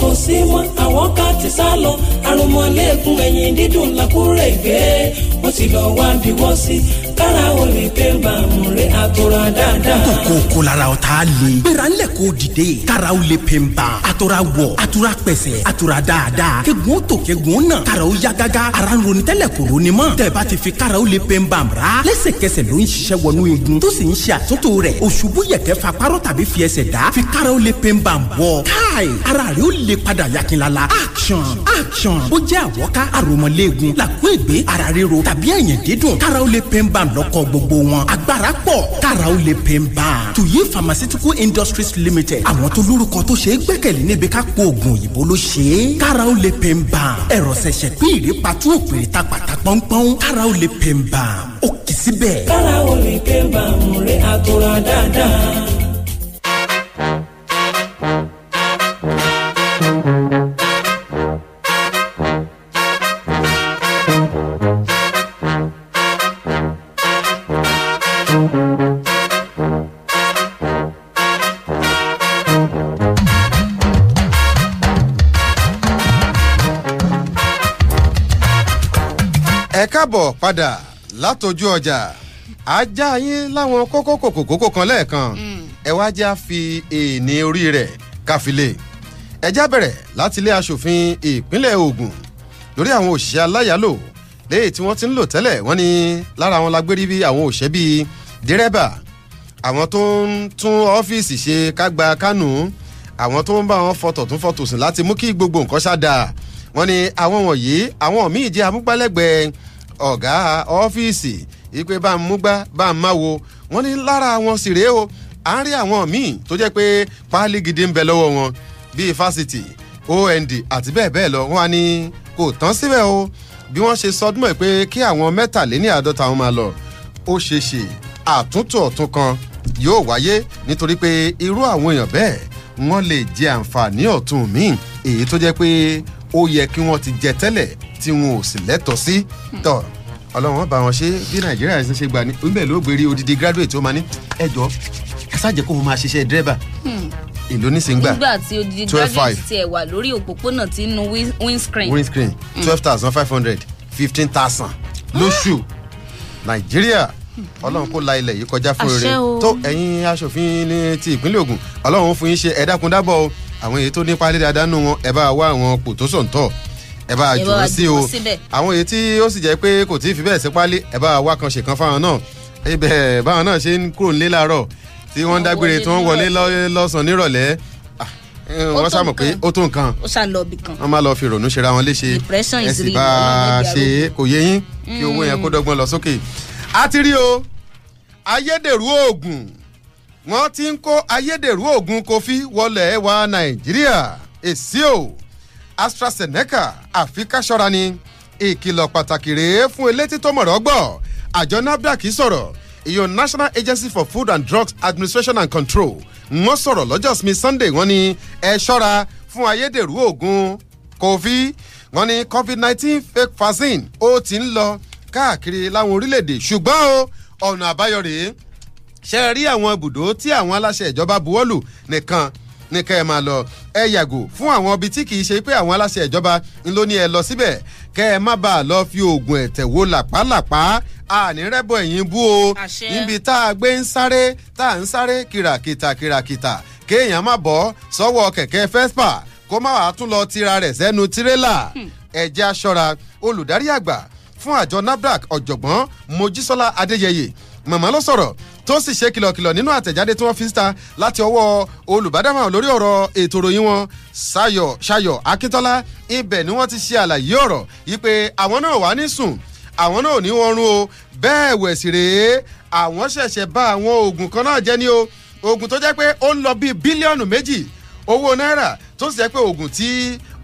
kò sí mọ́ àwọn ká ti sá lọ àrùnmọ́lẹ́kùn ẹ̀yìn dídùn làkúrègbé wọ́n ti lọ́ọ́ wá bí wọ́n sí tára o lè pé bàmù rẹ̀ àtọ́ra dáadáa. kókó kó lara o t'a le. gbéra ńlẹ̀ kó dìde. tára o lè pè ń ban. àtọ́ra wọ̀ àtọ́ra pẹ̀sẹ̀ àtọ́ra dáadáa. kegun tó kegun náà. tára o ya gágá. ara ń ronú tẹ́lẹ̀ kò ronú mọ́. tẹ̀bá ti fi kára o lè pè ń ban ra. lẹ́sẹ̀kẹsẹ̀ ló ń ṣiṣẹ́ wọnú igun. tó sì ń ṣe àtúntò rẹ̀. òṣùbù yẹ̀kẹ́ fa párọ̀ tàbí fi ẹsẹ̀ dá. fi kára o lè pè ń bọ̀. káì ara rẹ̀ ó lè padà yakinlala. action action ó jẹ́ àwọ̀ká àròmọ̀lẹ́gun làkúègbé ara ríro tàbí ẹ̀yìn dídùn kára o lè pè ń program lọ́kọ̀ gbogbo wọn agbára pọ̀ kára ó lè pè ń bá tuyi pharmaceutical industries limited àwọn tó lórúkọ tó ṣe é gbẹ́kẹ̀lé níbi ká po oògùn òyìnbó ló ṣe é kára ó lè pè ń bá a. ẹ̀rọ ṣẹ̀ṣẹ̀ pín ìrèpàtú òpèrè ta pàtà pọ́npọ́n kára ó lè pè ń bá ó kì í síbẹ̀. kára ó lè pè ń bá a rí àtúrà dáadáa káàbọ̀ padà látọjú ọjà ajá yín láwọn kókó kòkòkò kan lẹ́ẹ̀kan mm. ẹ wá já fi èèní orí rẹ̀ káfílé ẹjá bẹ̀rẹ̀ láti ilé aṣòfin ìpínlẹ̀ Ògùn lórí àwọn òṣìṣẹ́ aláyàlò léyìí tí wọ́n ti ń lò tẹ́lẹ̀ wọ́n ní lára wọn lágbérí bí àwọn òṣìṣẹ́ bíi dírẹ́bà àwọn tó ń tún ọ́fíìsì ṣe kágbá kánú àwọn tó ń bá wọn fọtọ̀ tún fọtò sùn láti mú kí gbogbo nǹkan ṣáda wọ́n ní àwọn wọ̀nyí àwọn míì jẹ́ amúgbálẹ́gbẹ̀ẹ́ ọ̀gá ọ́fíìsì ìpè bá ń múgbá bá ń máwo wọ́n ní lára wọn sì rèé o à ń rí àwọn míì tó jẹ́ pé páálí gidi ń bẹ lọ́wọ́ wọn bíi fásitì ond àti bẹ́ẹ̀ bẹ́ẹ̀ lọ wọ́n á ní kò tán síbẹ̀ o bí wọ́n ṣe sọdúnmọ́ ẹ̀ pé kí àwọn mẹ́tàléníàádọ́ta wọn máa lọ ó ṣeé ṣe àtúntò ọ̀tún kan yóò wáyé nítorí pé irú àwọn èèyàn bẹ́ẹ̀ wọ́n lè jẹ àǹfààní ọ̀tún míì èyí tó jẹ́ pé ó yẹ kí wọ́n ti jẹ tẹ́lẹ̀ tí wọn ò sì lẹ́tọ̀ọ́ sí tọ̀ ọlọ́run bá wọn ṣe bí nàìjíríà ṣe ṣe gbà ní níbẹ̀ ló gbé odidi graduate tó máa ní ẹjọ́ kásájẹ́ kó o máa ṣiṣẹ́ dírẹ́bà hmm. èló nísìnyí gbà nígbà tí odidi graduate tiẹ̀ wà lórí òpópónà tí ń windscreen windscreen hmm. twelve thousand five hundred fifteen thousand lóṣù nàìjíríà hmm. ọlọ́run kó la ilẹ̀ yìí kọjá fún rere tó ẹ̀yin aṣòfin ti ìpínlẹ̀ Ògùn ọlọ́run fún yín ṣe ẹ̀dákundábọ̀ o àwọn èyí tó nípa lé dáadáa wọn ẹ bá wá àwọn pò tó sọ̀ǹtọ̀ ẹ bá jù ú sí o àwọn èyí tí ó sì jẹ́ pé kò tí ì fi bẹ́ẹ̀ sí pálí ẹ bá wá kan ṣèkan fáwọn náà ibẹ̀ báwọn náà ṣe ń kúrò nílé láàárọ̀ tí wọ́n ń dágbére tí wọ́n wọlé lọ́sàn-án nírọ̀lẹ́ ah, eh, wọ́n sàmọ̀ pé ó tó nǹkan wọ́n máa lọ fi ìrònú ṣera wọn léṣe ẹ sì bá a ṣe kò yé yín kí owó yẹn kó mm. dọ́gbọ́n lọ sókè. a ti rí o ayédèrú oògùn wọ́n ti ń kó ayédèrú oògùn kofi wọlé wa nàìjíríà èsì o astrazeneca àfi ká ṣọ́ra ni ìkìlọ̀ pàtàkì rèé fún elétí tó mọ̀rọ̀ gbọ́ àjọ nafdac sọ̀rọ̀ ìyọ̀n national agency for food and drugs administration and control wọ́n sọ̀rọ̀ lọ́jọ́ sinmi sunday wọ́n ní ẹ ṣọ́ra fún ayédèrú oògùn kofi wọ́n ní covid nineteen fake vaccine ó ti ń lọ káàkiri láwọn orílẹ̀-èdè ṣùgbọ́n o ọ̀nà àbáyọ rèé ṣe rí àwọn ibùdó tí àwọn aláṣẹ ìjọba buwọ́lù nìkan ní kẹ́ ẹ máa lọ ẹ yàgò fún àwọn ibi tí kìí ṣe pé àwọn aláṣẹ ìjọba ń ló ní ẹ lọ síbẹ̀ kẹ́ ẹ má bàa lọ fi oògùn ẹ̀tẹ̀ wo làpálàpá ànírẹ́bọ̀ ẹ̀yìn bú o níbi tá a gbé ń sáré tá a ń sáré kìràkìtà kìràkìtà kéèyàn má bọ́ sọ́wọ́ kẹ̀kẹ́ fẹ́spà kó má wàá tún lọ tira rẹ̀ sẹ́nu tirẹ́là hmm. ẹ̀jẹ̀ aṣọra olùdarí àgbà fún àjọ nafdac ọ̀jọ̀gbọ́n mojísọ́lá adéyẹyẹ màmá ló sọ̀rọ̀ tó sì ṣe kìlọ̀kìlọ̀ nínú àtẹ̀jáde tí wọ́n fi síta láti ọwọ́ olùbádámọ̀ lórí ọ̀rọ̀ ètò ìròyìn wọn Ṣayọ̀ Ṣayọ̀ Akíntọ́lá ibẹ̀ ni wọ́n ti ṣe àlàyé ọ̀rọ̀ yìí pé àwọn náà wà ní sùn àwọn náà ò ní wọn rún o bẹ́ẹ̀ wẹ̀ sì rèé àwọn ṣẹ̀ṣẹ̀ bá àwọn oògùn kan náà jẹ́ ní o oògùn tó jẹ́ pé ó ń lọ bíi bílíọ̀nù méjì owó náírà tó sì jẹ́ pé oògùn tí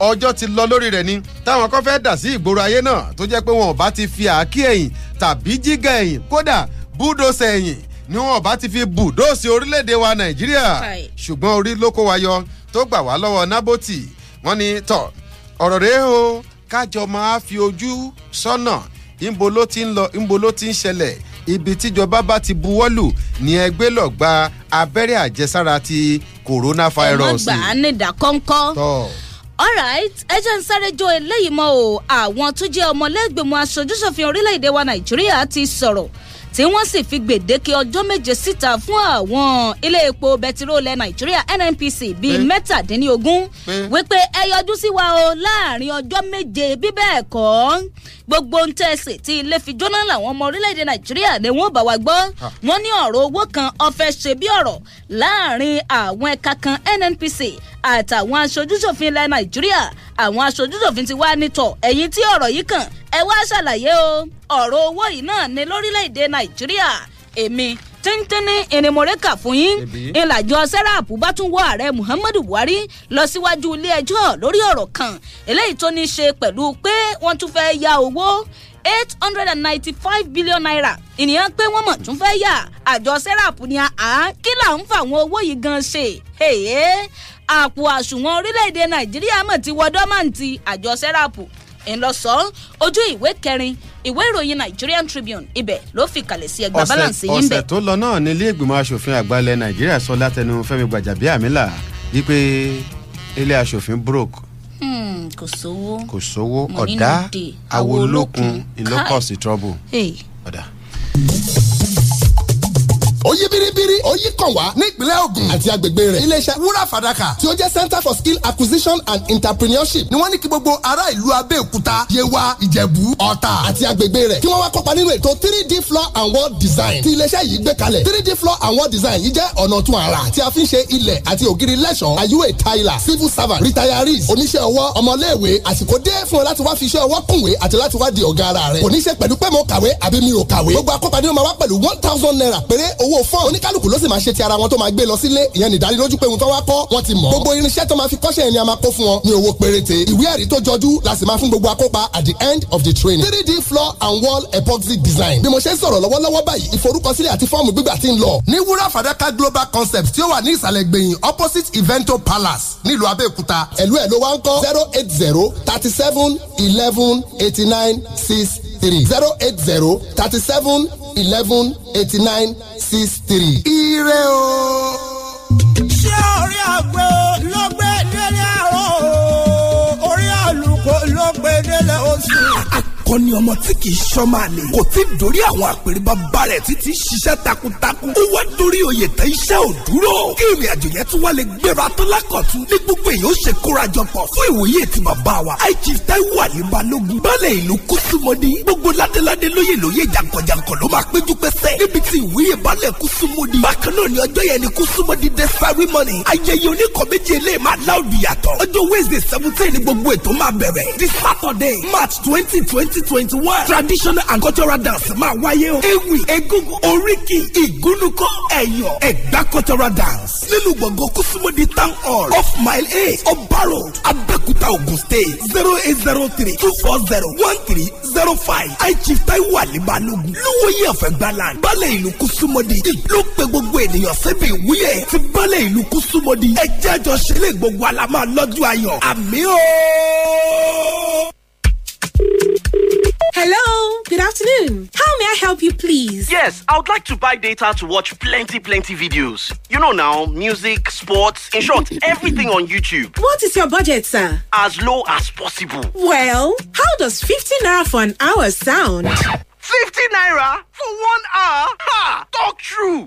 ọjọ́ ti lọ lórí rẹ̀ ni táwọn kan fẹ́ẹ́ dà sí ìgboro ayé náà tó jẹ́ pé wọn ò bá ti fi àáké ẹ̀yìn tàbí jígà ẹ̀yìn kódà búdòsẹ̀ ẹ̀yìn ni wọn bá ti fi bù dóòsì orílẹ̀-èdè wa nàìjíríà ṣùgbọ́n orí ló kó wa yọ tó gbà wá lọ́wọ́ nábòtì wọ́n ní tọ̀ ọ̀rọ̀ rèé o kájọ máa fi ojú sọ́nà ńbo ló ti ń lọ ńbo ló ti ń ṣẹlẹ̀ ibi tíjọba bá ti buwọ́lù ní ẹgbẹ́ lọ gba abẹ́rẹ́ àjẹsára ti coronavirus. ẹ má gbà á ní ìdákọ́ńkọ́. tọ́ alright ẹ jẹ́ ń sáré jó eléyìí mọ́ o àwọn tó jẹ́ ọmọlẹ́gbẹ̀mọ aṣojúṣòfin orílẹ̀-èdè wa nàìjíríà ti sọ̀rọ̀ tí wọ́n sì fi gbèdéke ọjọ́ méje síta fún àwọn ilé epo bẹtiróòlẹ̀ nàìjíríà nnpc bíi mẹ́tàdínlógún wípé ẹ yọjú sí wa o láàrin ọjọ́ méje bíbẹ́ẹ̀ kọ́ gbogbo ohun tẹ́ ẹ sì tí ilé fi jóná làwọn ọmọ orílẹ̀-èdè nàìjíríà ni wọ́n bá wa gbọ́ wọ́n ní ọ̀rọ̀ owó kan ọ̀fẹ́ ṣe bí ọ̀rọ̀ láàrin àwọn ẹ̀ka kan nnpc àtàwọn aṣojúṣòfin ilẹ̀ nàìjíríà àwọn aṣojúṣòfin ti wá nítọ̀ ẹ̀yìn tí ọ̀rọ̀ yìí kàn ẹ wá ṣàlàyé o ọ̀rọ̀ owó yìí náà ni lórílẹ̀-èdè nàìjíríà èmi tíntínní ìrìnmọ̀rẹ́kà fún yín ìlàjọ sẹ́ráàpù bá tún wọ ààrẹ muhammadu buhari lọ síwájú ilé ẹjọ́ lórí ọ̀rọ̀ kan eléyìí tó ní í ṣe pẹ̀lú pé wọ́n tún fẹ́ ya owó eight hundred and ninety-five billion naira ènìyàn pé wọ́n mọ̀ tún fẹ́ yà àjọ sẹ́ráàpù ni àá kí là ń fa àwọn owó yìí gan ṣe àpò àsùnwọ̀n orílẹ̀-èdè nàìjíríà mọ̀ ti wọ́dọ́ mọ̀ ti àjọ sẹ́ráàpù ńlọsọ ojú ìwé kẹrin ìwé ìròyìn Nigerian Tribune ibẹ̀ ló fi kalẹ̀ sí ẹgbẹ́ balance yìí ń bẹ̀. ọ̀sẹ̀ tó lọ náà ní ilé asòfin àgbà Nàìjíríà sọ látẹnu Fẹ́mi Gbàjàbíàmílà wípé ilé asòfin broke hmm, kò sówó kò sówó ọ̀dà awolókun ìlọ́kọ̀sí trouble ọ̀dà. Hey ó yí biribiri ó yí kàn wá nípínlẹ̀ Ògùn àti agbègbè rẹ̀ iléeṣẹ́ wúrà fàdákà tí ó jẹ́ center for skill acquisition and entrepreneurship ni wọ́n ní kí gbogbo ará ìlú Abẹ́òkúta Yewa Ìjẹ̀bú Ọ̀tà àti agbègbè rẹ̀ kí wọ́n wá kópa nínú ètò 3D floor and wall design tí iléeṣẹ́ yìí gbé kalẹ̀ 3D floor and wall design yìí jẹ́ ọ̀nà tún ara tí a fi ń ṣe ilẹ̀ àti ògiri lẹ́ṣọ̀ọ́ ayúwe tayla civil servant retirees oníṣẹ́ ọwọ́ ọmọléèwé àsìkò dé fún ọ láti wá fi iṣẹ́ ọwọ́ kùnwé àti láti wá di ọ̀gá ara rẹ̀ kò pẹ̀lú pé mo kàwé àbí mi ò kàwé gbogbo akópa nínú ma wá pẹ̀lú one thousand naira péré owó sanwó fún oníkálukú ló sì máa ṣe ti ara wọn tó máa gbé lọ sílé ìyẹn nìdánilójú pé ohun tó wá kọ́ wọ́n ti mọ̀ gbogbo irinṣẹ́ tó máa fi kọ́ṣẹ́ yẹn ni a máa kó fún wọn ní owó péréte ìwé ẹ̀rí tó jọjú la sì máa fún gbogbo akópa at the end of the training three d floor and wall epoxy design bí mo ṣe ń sọ̀rọ̀ lọ́wọ́lọ́wọ́ báyìí ìforúkọsílẹ̀ àti fọ́ọ̀mù gbígbà ti ń lọ ní wúrà fàdákà global concept tí ó wà ní ìsàlẹ̀ gbẹ̀yìn opposite evento palace nílùú abẹ́òkúta ẹ̀lú ẹ̀ ló wá ń kọ́ zero eight zero thirty seven eleven eighty nine six three zero eight zero thirty seven eleven eighty nine six three. ire o. ṣé orí àgbo ló gbé délé àárọ̀ o orí àlùkò ló gbé délé oṣù akọni ọmọ tí kì í sọ́mọ àlè kò tí ì dórí àwọn àpèrè bàbá rẹ̀ títí ṣiṣẹ́ takuntakun ó wá dórí oyè tẹ iṣẹ́ ò dúró kí ìrìn àjò yẹn tún wá lè gbéra tó lákọ̀tún ní gbogbo èèyàn ó ṣe kórajọpọ̀ fún ìwòye ti bàbá wa àìjì táíwò àlè balógun bálẹ̀ ìlú kùsùmọ́dí gbogbo ládéládé lóyè lóyè jàǹkànjàǹkàn ló máa péjú pẹ́sẹ́ níbi tí ìwúyè balẹ̀ kùsùmọ́dí bákan náà ni ọjọ́ yẹn ni kùsùmọ́dí dé ceremony ayẹyẹ oníkọ̀ méje eléyìí máa láòdù yàtọ̀ ọjọ́ wednesday seventeen ni gbogbo ètò máa bẹ̀rẹ̀ this saturday march twenty twenty twenty traditional and cultural dance máa wáyé o. ewì egúngún oríkì ìgúnnukọ ẹ̀yọ̀ ẹ̀gbá cultural dance nínú gbọ̀ngàn kúsúmọ́dé town hall off mile eight ọba road abẹ́kúta ogun state zero eight zero three two four zero one three zero five ichief taiwo alibalugu lówóyè ọ̀fẹ́gbàlá balẹ̀ ìlú kúsúmọ́dé ló pe gbogbo ènìyàn síbi ìwúyẹ̀ ti balẹ̀ ìlú kúsúmọ́dé ẹjẹ́ jọ ṣẹlẹ̀ gbogbo alamọ̀ lọ́jọ́ ayọ̀ àmì ooo. Hello, good afternoon. How may I help you, please? Yes, I would like to buy data to watch plenty, plenty videos. You know now, music, sports, in short, everything on YouTube. What is your budget, sir? As low as possible. Well, how does 50 naira for an hour sound? 50 naira for one hour? Ha! Talk true!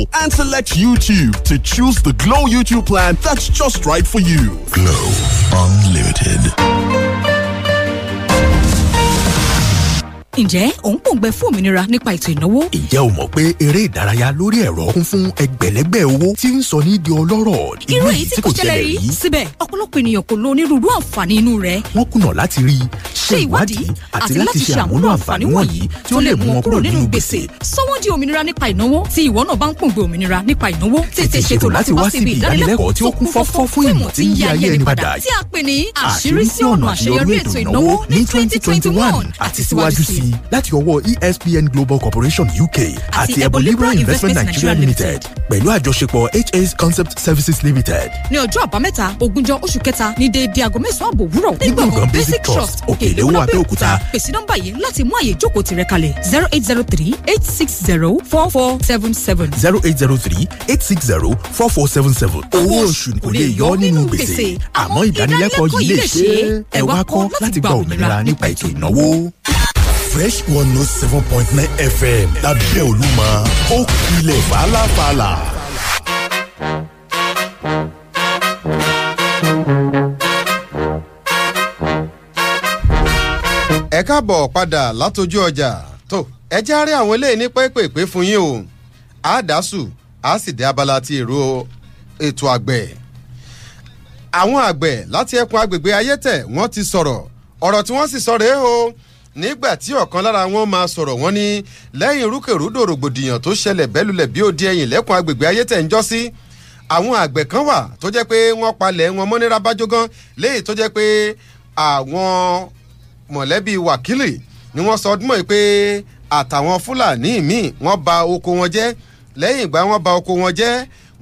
and select YouTube to choose the Glow YouTube plan that's just right for you. Glow Unlimited. ǹjẹ́ ò ń pòǹgbẹ fún òmìnira nípa ètò ìnáwó. ǹjẹ́ o mọ̀ pé eré ìdárayá lórí ẹ̀rọ kún fún ẹgbẹ̀lẹ́gbẹ̀ owó tí ń sọ ní di ọlọ́rọ̀ irú èyí tí kò tẹ́lẹ̀ rí. síbẹ̀ ọ̀pọ̀lọpọ̀ ènìyàn kò lo onírúurú àǹfààní inú rẹ̀. wọ́n kùnà láti rí i ṣe ìwádìí àti láti ṣe àmúlò àǹfààní wọ̀nyí tí ó lè mú wọn kúrò nínú gbèsè. sọ́wọ́n di òmìnira nípa ìnáwó tí ìwọ náà bá ń pòǹgbẹ òmìnira nípa ìnáwó. tètè ṣètò láti wá síbi ìdánilẹ́kọ̀ọ́ tí ó kún fọ́fọ́ fún ìmọ̀ tí ń yí ayé ẹni padà. tí a pè ní àṣírí sí ọ̀nà àṣeyọrí ètò ìnáwó ní twenty twenty one àti síwájú sí sí láti ọwọ́ ESPN Global Corporation UK àti Ebolibra Investment Nigeria Limited pẹ̀lú àjọṣepọ̀ HS Concept Services Limited. ní ọjọ́ àbámẹ́ta ogúnjọ́ oṣù kẹta ní déédéé aago mẹ́sàn-án àbò òwúrọ̀ nígbàgbọ́n Basic Trust òkè ìléwọ́ Abẹ́òkúta. pèsè nọ́mbà yìí láti mú àyè ìjókòó tirẹ̀ kalẹ̀ zero eight zero three eight six zero four four seven seven. zero eight zero three eight six zero four four seven seven. owó oṣù kò lè yọ nínú gbèsè àmọ́ ìdánilẹ́kọ̀ọ́ yìí lè ṣe é ẹ wá kọ́ láti gba òmìnira nípa ètò ìnáwó. Fresh one note oh seven point nine FM lábẹ́ Olúmọ ó kulẹ̀ fàlàfàlà. ẹ káàbọ̀ padà látọjú ọjà tó ẹ jẹ́ àárẹ̀ àwọn eléyìí ní pẹ́ẹ́pẹ́ẹ́pẹ́ fún yín o àdásù á sì dé abala ti èrò ètò àgbẹ̀ àwọn àgbẹ̀ láti ẹkùn agbègbè ayétẹ̀ wọ́n ti sọ̀rọ̀ ọ̀rọ̀ tí wọ́n sì sọ rèé o. So nígbà tí ọ̀kan lára wọn máa sọ̀rọ̀ wọn ní lẹ́yìn rúkèrúdò rògbòdìyàn tó ṣẹlẹ̀ bẹ́lulẹ̀ bí ó di ẹ̀yìn lẹ́kùn agbègbè ayétẹ̀ ń jọ́ sí àwọn àgbẹ̀ kan wà tó jẹ́ pé wọ́n palẹ̀ wọn mọ́ ní rabájógán léyìí tó jẹ́ pé àwọn mọ̀lẹ́bí wákìlì ni wọ́n sọ ọdún mọ́ pé àtàwọn fúlàní míì wọ́n ba oko wọn jẹ́ lẹ́yìn ìgbà wọ́n ba oko wọn jẹ́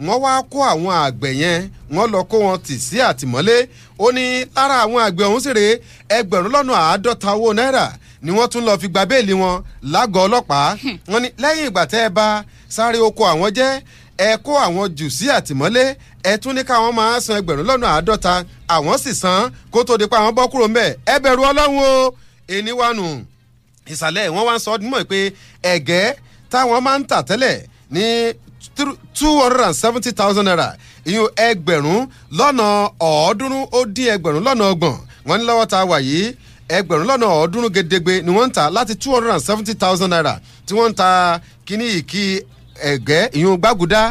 wọ́n wá kó àwọn àgbẹ̀ yẹn wọ́n lọ kó wọn tì sí àtìmọ́lé ó ní lára àwọn àgbẹ̀ ọ̀hún sì rèé ẹgbẹ̀rún lọ́nà àádọ́ta owó náírà ni wọ́n tún lọ fi gba béèlì wọn lágọ̀ọ́ ọlọ́pàá wọ́n ní lẹ́yìn ìgbà tẹ́ ẹ bá sáré oko àwọn jẹ́ ẹ kó àwọn jù sí àtìmọ́lé ẹ tún ní káwọn máa san ẹgbẹ̀rún lọ́nà àádọ́ta àwọn sì san kó tó di pa àwọn bọ́ kúrò ńbẹ̀ ẹ bẹ̀rù ọlọ́run o ẹni wà nù ìsàlẹ̀ wọ́n wá ń sọ ọdún mọ̀ pé ẹ̀gẹ́ táwọn máa ń tà tẹ́lẹ̀ ní two hundred and seventy thousand naira ìyún ẹgbẹ̀rún lọ́nà ọ̀ọ́dúnrún ó dín ẹgbẹ̀rún lọ́nà ọgbọ̀n wọ́n ní lọ́wọ́ tá a wà yìí ẹgbẹ̀rún lọ́nà ọ̀ọ́dúnrún gedegbe ni wọ́n ń ta láti two hundred and seventy thousand naira tí wọ́n ń ta kíní ìkí ẹ̀gẹ́ ìyún gbàgùdá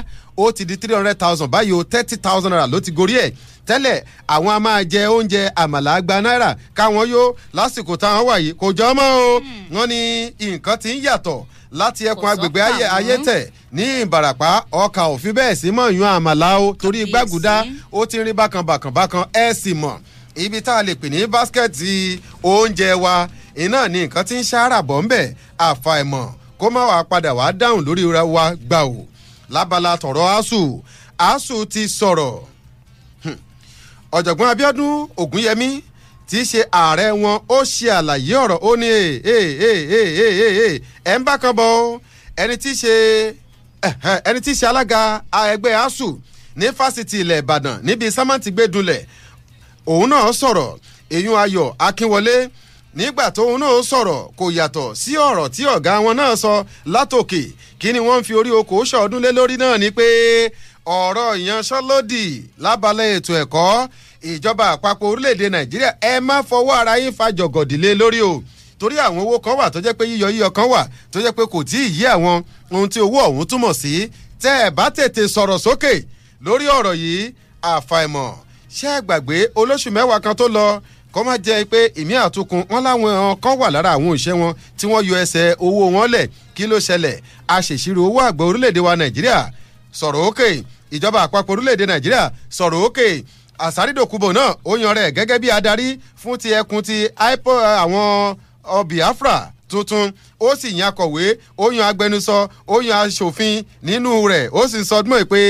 ó ti di three hundred thousand báyìí o thirty thousand naira ló ti gorí ẹ̀ tẹ́lẹ̀ àwọn a máa jẹ oúnjẹ àmàlà àgbà náírà káwọn yó lásìkò táwọn wà yìí kò jọ o hmm. wọ́n ní nǹkan ti ń yàtọ̀ láti ẹkùn agbègbè ayétẹ̀ hmm. ní ìbàràpá ọkà òfin bẹ́ẹ̀ sí mọ̀ yún àmàlà o torí gbàgùdá ó ti ń rí bákan bákan bákan ẹ̀ sì mọ̀ ibi tá a lè pè ní báskẹ́ẹ̀tì oúnjẹ wa iná ni nǹkan ti ń ṣáárà bọ̀ ńbẹ̀ àfàìmọ̀ kó má wàá padà wàá dáhùn lórí wa gbà o lábala tọ̀rọ̀ asu asuu ti sọ̀rọ̀ ọ̀jọ̀gbọ́n abiodun ogunyemi tí í ṣe ààrẹ wọn ó ṣe àlàyé ọ̀rọ̀ ó ní ẹ̀ ń bá kan bọ̀ ẹni tí í ṣe ẹni tí í ṣe alága ẹgbẹ́ asuu ní fásitì ilẹ̀ ìbàdàn níbi sámàǹtì gbé dunlẹ̀ òun náà sọ̀rọ̀ èyún ayọ̀ akínwọlé nígbà tóun náà sọ̀rọ̀ kò yàtọ̀ sí ọ̀rọ̀ tí ọ̀gá wọn náà sọ látòkè kí ni wọ́n ń fi orí oko ṣọ̀ọ́dún lé lórí náà ni pé ọ̀rọ̀ ìyanṣẹ́lódì lábalẹ̀ ètò ẹ̀kọ́ ìjọba àpapọ̀ orílẹ̀-èdè nàìjíríà ẹ má fọwọ́ ara yín fa jọ̀gọ̀dìlé lórí o torí àwọn owó kan wà tó jẹ́ pé yíyọ yíyọ kan wà tó jẹ́ pé kò tí ì yí àwọn ohun tí owó ọ̀hún túmọ̀ sí tẹ́ ẹ bá tètè sọ̀rọ̀ sókè lórí ọ̀rọ̀ yìí àfàìmọ̀ ṣé gbàgbé olóṣù mẹ́wàá kan tó lọ kó má jẹ́ pé ìmí àtúkùn wọn láwọn kan wà lára àwọn òṣìṣẹ́ wọn tí wọ́n yọ ẹsẹ̀ owó wọn lẹ̀ kí ló ṣẹlẹ̀ aṣèṣirò owó àgbà orílẹ̀-èdè wa nàìjíríà sọ̀rọ̀ òkè ìjọba àpapọ̀ orílẹ̀-èdè nàìjíríà sọ̀rọ̀ òkè àsárídòkúbò náà ó yan rẹ̀ gẹ́gẹ́ bí adarí fún ti ẹkùn ti ipo eh, àwọn eh, biafra tuntun ó sì yan akọ̀wé ó yan agbẹnusọ ó yan aṣòfin nínú rẹ̀ ó sì ń sọdúnmọ́ pé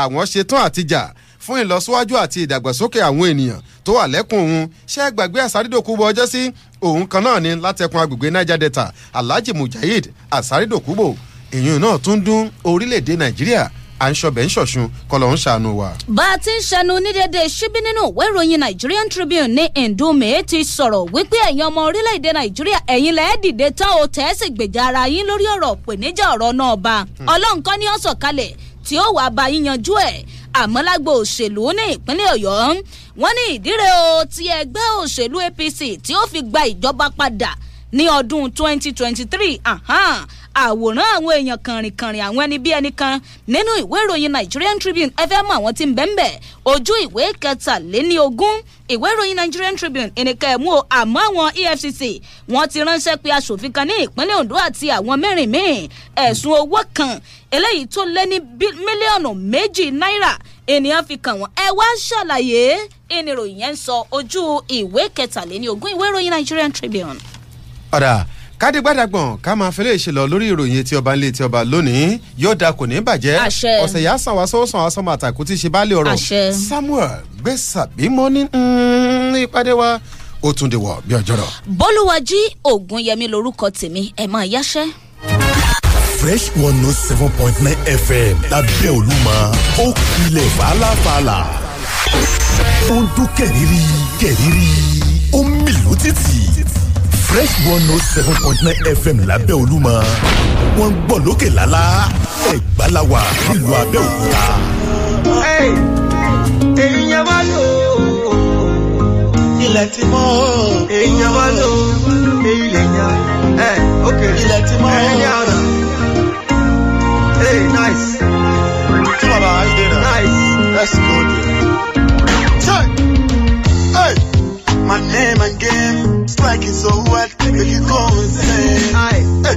àwọn ṣetán àtijà fún ìlọsíwájú àti ìdàgbàsókè àwọn ènìyàn tó wà lẹ́kùn òun ṣé gbàgbé àsárídòkúbò ọjọ́ sí òun kan náà ni látẹkùn agbègbè niger delta alhaji mujahid àsárídòkúbò èyí náà tún dún orílẹ̀ nàìjíríà à ń ṣọbẹ̀ ń ń ṣàánú wa. bá a ti ń ṣẹnu ní dédé ṣíbí nínú ìwé ìròyìn Nigerian Tribune ní Ndume ti sọ̀rọ̀ wípé ẹ̀yin ọmọ orílẹ̀-èdè Nàìjíríà ẹ̀yin lẹ́ẹ̀ dìde tán o tẹ́ sì gbèjà ara yín lórí ọ̀rọ̀ pèníjà ọ̀rọ̀ náà bá hmm. ọlọ́nkán ní ọ̀sọ̀ kalẹ̀ tí ó wàá bá yín yanjú ẹ̀ àmọ́ lágbo òṣèlú ní ìpínlẹ̀ Ọ̀yọ́ wọ́n ní ìdíre o ti ẹgbẹ́ òṣèlú APC tí ó fi gba ìjọba padà ní ọdún 2023 àwòrán àwọn èèyàn kànrìnkànrìn àwọn ẹni bí ẹni kan nínú ìwé ìròyìn Nigerian Tribune ẹ fẹ́ mọ àwọn tí ń bẹ́ńbẹ́ ojú ìwé kẹtàléní ogún ìwé ìròyìn Nigerian Tribune ìnìkẹ́ ẹ̀mú o àmọ́ àwọn EFCC wọ́n ti ránṣẹ́ pé aṣòfin kan ní ìpínlẹ̀ Ondo àti àwọn mẹ́rin míì ẹ̀sùn owó kan eléyìí tó lé ní mílíọ̀nù méjì náírà ènìyàn fi kàn wọ́n ẹ wá ṣàlàyé ìniròyìn yẹn ń sọ ojú ìwé kẹtàléní ogún ìwé ìròyìn Nigerian Tribune. ọ̀dà kádégbàdàgbọ̀n ká máa fẹ́lẹ́ ṣe lọ lórí ìròyìn etí ọba nílé etí ọba lónìí yóò da kò ní bàjẹ́ ọ̀sẹ̀ yà sàn wá sọ́wọ́ sàn wá sọ́mọ àtàkùn tí ṣe bá lè ọ̀rọ̀ Samuel gbèsàbímọ ní mm, ìpàdé wa ó tún dìwọ̀ bí ọjọ́ rọ̀. Bólúwàjí Ògúnyẹmí lorúkọ tèmi ẹ̀ máa yáṣẹ́. Fresh one note oh seven point nine FM lábẹ́ Olúmọ ó kilẹ̀ fàlàfàlà ó ń dún kẹ̀rìírí fresh one oh seven point nine fm lábẹ́ olúmọ wọ́n ń gbọ́ lókè lálá ẹ̀gbá la wà nílùú abẹ́òkúta. èèyàn wá lò ó ilẹ̀ tí mọ́ èèyàn wá lò ó ilẹ̀ yẹn ilẹ̀ tí mọ́ ẹ̀yìn ara hey nice kí bàbá ayé dé náà nice let's go there. Hey. My name and game. It's like so hard, make you go insane. Eh.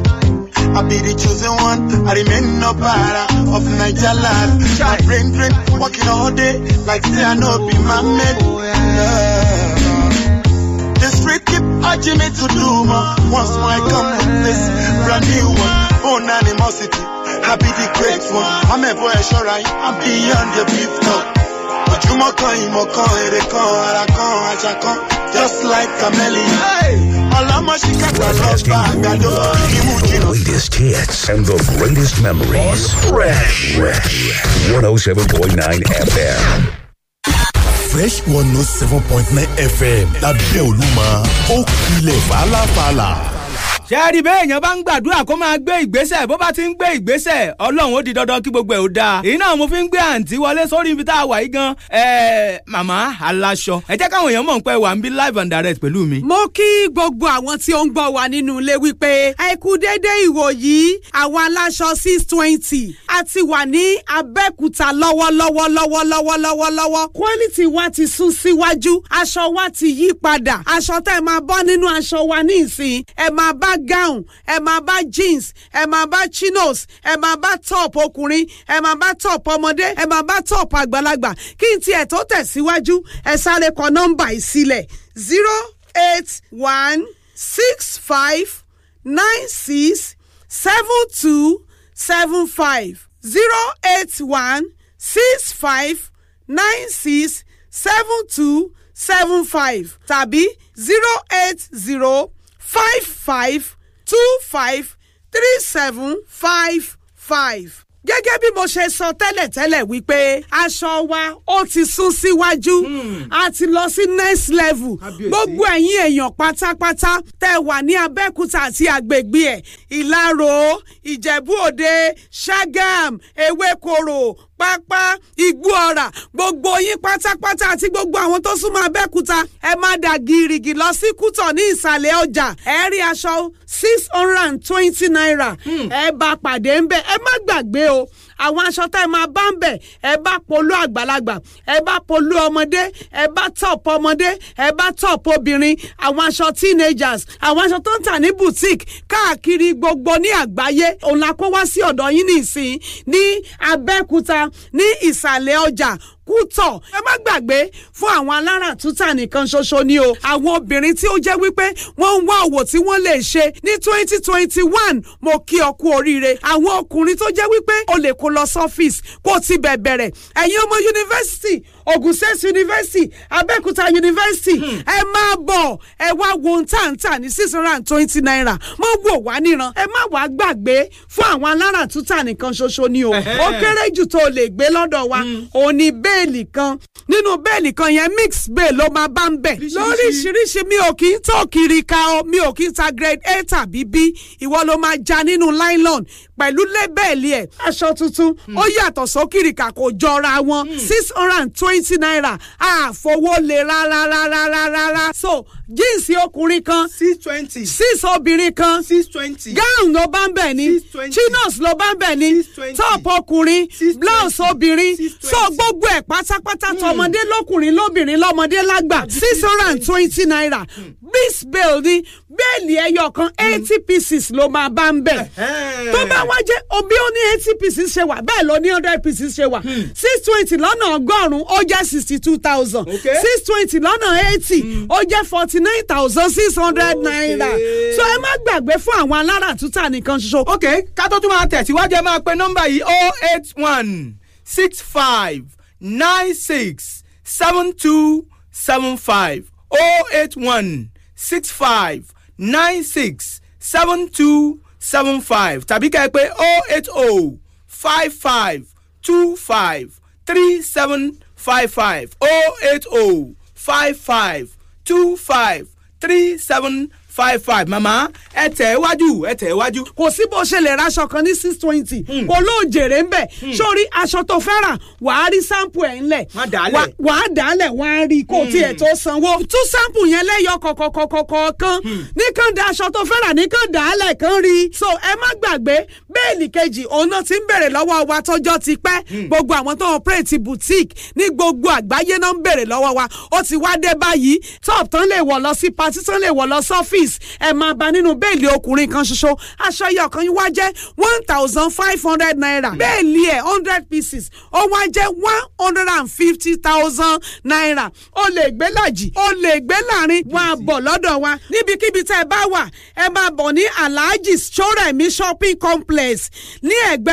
I be the chosen one, I remain no part of Niger life. I brain drain, working all day, like say I know be my oh, man. Love. The street keep urging me to do more. Once more oh, I come with this brand new one, own animosity. I be the great one, I'm boy, sure I'm beyond the beef talk. You mokan, you mokan, ere kan, ara Just like The latest hits and the greatest memories. Fresh. Fresh. 107.9 FM. Fresh 107.9 FM. Lábẹ́ Olúmọ, Okile, kilẹ̀ fàlàfàlà. ṣé ẹ rí bẹ́ẹ̀ èèyàn bá ń gbàdúrà kó máa gbé ìgbésẹ̀ bó bá ti ń gbé ìgbésẹ̀ ọlọ́run ó di dandan kí gbogbo ẹ̀ ó dáa èyí náà mo fi ń gbé àǹtí wọlé sórí ibi tá a wà yìí gan màmá aláṣọ ẹ jẹ́ káwọn èèyàn mọ̀ pé wà ń bí live and direct pẹ̀lú mi. mo kí gbogbo àwọn tí ó ń gbọ́ wa nínú ilé wípé ẹ kú déédéé ìwòyí àwọn aláṣọ six twenty a ti wà ní abẹ́òkúta lọ́wọ́lọ́wọ́ gown ẹ máa bá jeans ẹ máa bá chinos ẹ máa bá top ọkùnrin ẹ máa bá top ọmọdé ẹ máa bá top àgbàlagbà kí n tiẹ̀ tó tẹ̀síwájú ẹ sáré kọ nọ́mbà yìí sílẹ̀ zero eight one six five nine six seven two seven five zero eight one six five nine six seven two seven five tàbí zero eight zero five five two five three seven five five. gẹ́gẹ́ bí mo ṣe sọ tẹ́lẹ̀tẹ́lẹ̀ wípé aṣọ wa ó ti sún síwájú hmm. a ti lọ sí next level gbogbo ẹ̀yin èèyàn pátápátá tẹ́ wà ní Abẹ́òkúta àti àgbègbè ẹ̀ Ìlaró Ìjẹ̀bú Òde Ṣàgàm Ewékòró pápá ìgbú ọ̀rà gbogbo yín pátápátá àti gbogbo àwọn tó súnmọ́ abẹ́kúta ẹ má dà gírígì lọ sí kútọ̀ ní ìsàlẹ̀ ọjà ẹ rí aṣọ six hundred and twenty naira hmm. ẹ bá pàdé ń bẹ ẹ má gbàgbé o àwọn aṣọ tá ẹ máa bá ń bẹ̀ ẹ bá polo àgbàlagbà ẹ bá polo ọmọdé ẹ bá tọ̀pọ̀ ọmọdé ẹ bá tọ̀pọ̀ obìnrin àwọn aṣọ teenagers àwọn aṣọ tó ń tà ní boutique káàkiri gbogbo ní àgbáyé òun la kó wá sí ọ̀dọ̀ yín nìsín ní Abẹ́òkúta ní ìsàlẹ̀ ọjà kútọ̀ ẹ má gbàgbé fún àwọn alára tútà nìkan ṣoṣo ni o àwọn obìnrin tí ó jẹ́ wípé wọ́n ń wá òwò tí wọ́n lè ṣe ní twenty twenty one mo kí ọ kú oríire àwọn ọkùnrin tó jẹ́ wípé o lè kó lọ sọ́fíìsì kó o ti bẹ̀ bẹ̀rẹ̀ ẹ̀yin ọmọ yunifásitì Ogun State University Abẹ́òkúta University hmm. ẹ máa bọ̀ ẹ wá wo ohun tá à ní six hundred and twenty naira mo wò wá níran ẹ má wàá gbàgbé fún àwọn alára tútà nìkan ṣoṣo ni o ó kéré jù tó o lè gbé lọ́dọ̀ wa hmm. ò ní bẹ́ẹ̀lì kan nínú bẹ́ẹ̀lì kan yẹn mix bẹ́ẹ̀ ló máa bá ń bẹ̀ lóríṣiríṣi mi ò kì í tó kiri ka o mi ò kì í ta grade A tàbí B ìwọ ló máa ja nínú nylon pẹ̀lú lébẹ̀lì ẹ̀ aṣọ tuntun hmm. ó yàtọ̀ sókìrìkà kò jọra wọn six hundred and twenty twenty naira àfọwọ́ lè rárá rárá rárá náírà so jíǹsì ọkùnrin kan six twenty six obìnrin kan six twenty gown ló bá ń bẹ̀ ni chinos ló bá ń bẹ̀ ni top ọkùnrin blouse obìnrin so gbogbo ẹ̀ pátápátá hmm. tọmọdé lọkùnrin lóbìnrin lọmọdé lágbà six hundred and twenty náírà bis hmm. bail ni bẹ́ẹ̀lì ẹyọ kan hmm. eighty pieces ló máa bá ń bẹ̀ tó bá wá jẹ́ obi ó ní eighty pieces ṣe wà bẹ́ẹ̀ ló ní hundred pieces ṣe wà six twenty lọ́nà ọgọ́rùn-ún ó jẹ́ sixty two thousand six twenty lọ́nà eighty ó ó jẹ́ forty nine thousand six hundred naira so ẹ má gbàgbé fún àwọn alára àtúntà nìkan ṣoṣo. ok ká tó tún máa tẹ̀síwájú ẹ máa pe nọ́mbà yìí oh eight one six five nine six seven two seven five oh eight one six five nine six seven two seven five tàbí ká ẹ pé oh eight oh five five two five three seven five five oh eight oh five five two five three seven five five mama. ẹ tẹ̀ ẹ́ wájú ẹ tẹ̀ ẹ́ wájú. kò sí bó ṣe lè raṣọ kan ní six twenty hmm. kò ló jèrè ń bẹ̀ hmm. sórí aṣọ tó fẹ́ rà wàá rí sampo ẹ̀ ńlẹ̀ wàá dàálẹ̀ wàá rí kó tiẹ̀ hmm. tó sanwó tú sampo yẹn lẹ́yọ kọ̀kọ̀kọ̀kọ̀kan nìkan da aṣọ tó fẹ́ nìkan dàálẹ̀ kan rí so ẹ má gbàgbé bẹ́ẹ̀lì kejì òun náà ti ń bèrè lọ́wọ́ wa tọ́jọ́ ti pẹ́ gbogbo àwọn tó operate boutique ní gbogbo àgbáyé náà ń wa ó ti top tán lè wọ̀ lọ sí fees ẹ máa bá nínú bẹ́ẹ̀lì ọkùnrin kan ṣoṣo aṣọ iye ọ̀kan yín wá jẹ́ one thousand five hundred naira bẹ́ẹ̀lì ẹ̀ hundred pieces ó wá jẹ́ one hundred and fifty thousand naira o lè gbé làjì o lè gbé láàrin wọn àbọ̀ lọ́dọ̀ wa níbikíbi tẹ́ ẹ bá wà ẹ máa bọ̀ ní alhaji soremi shopping complex ní ẹ̀gbẹ́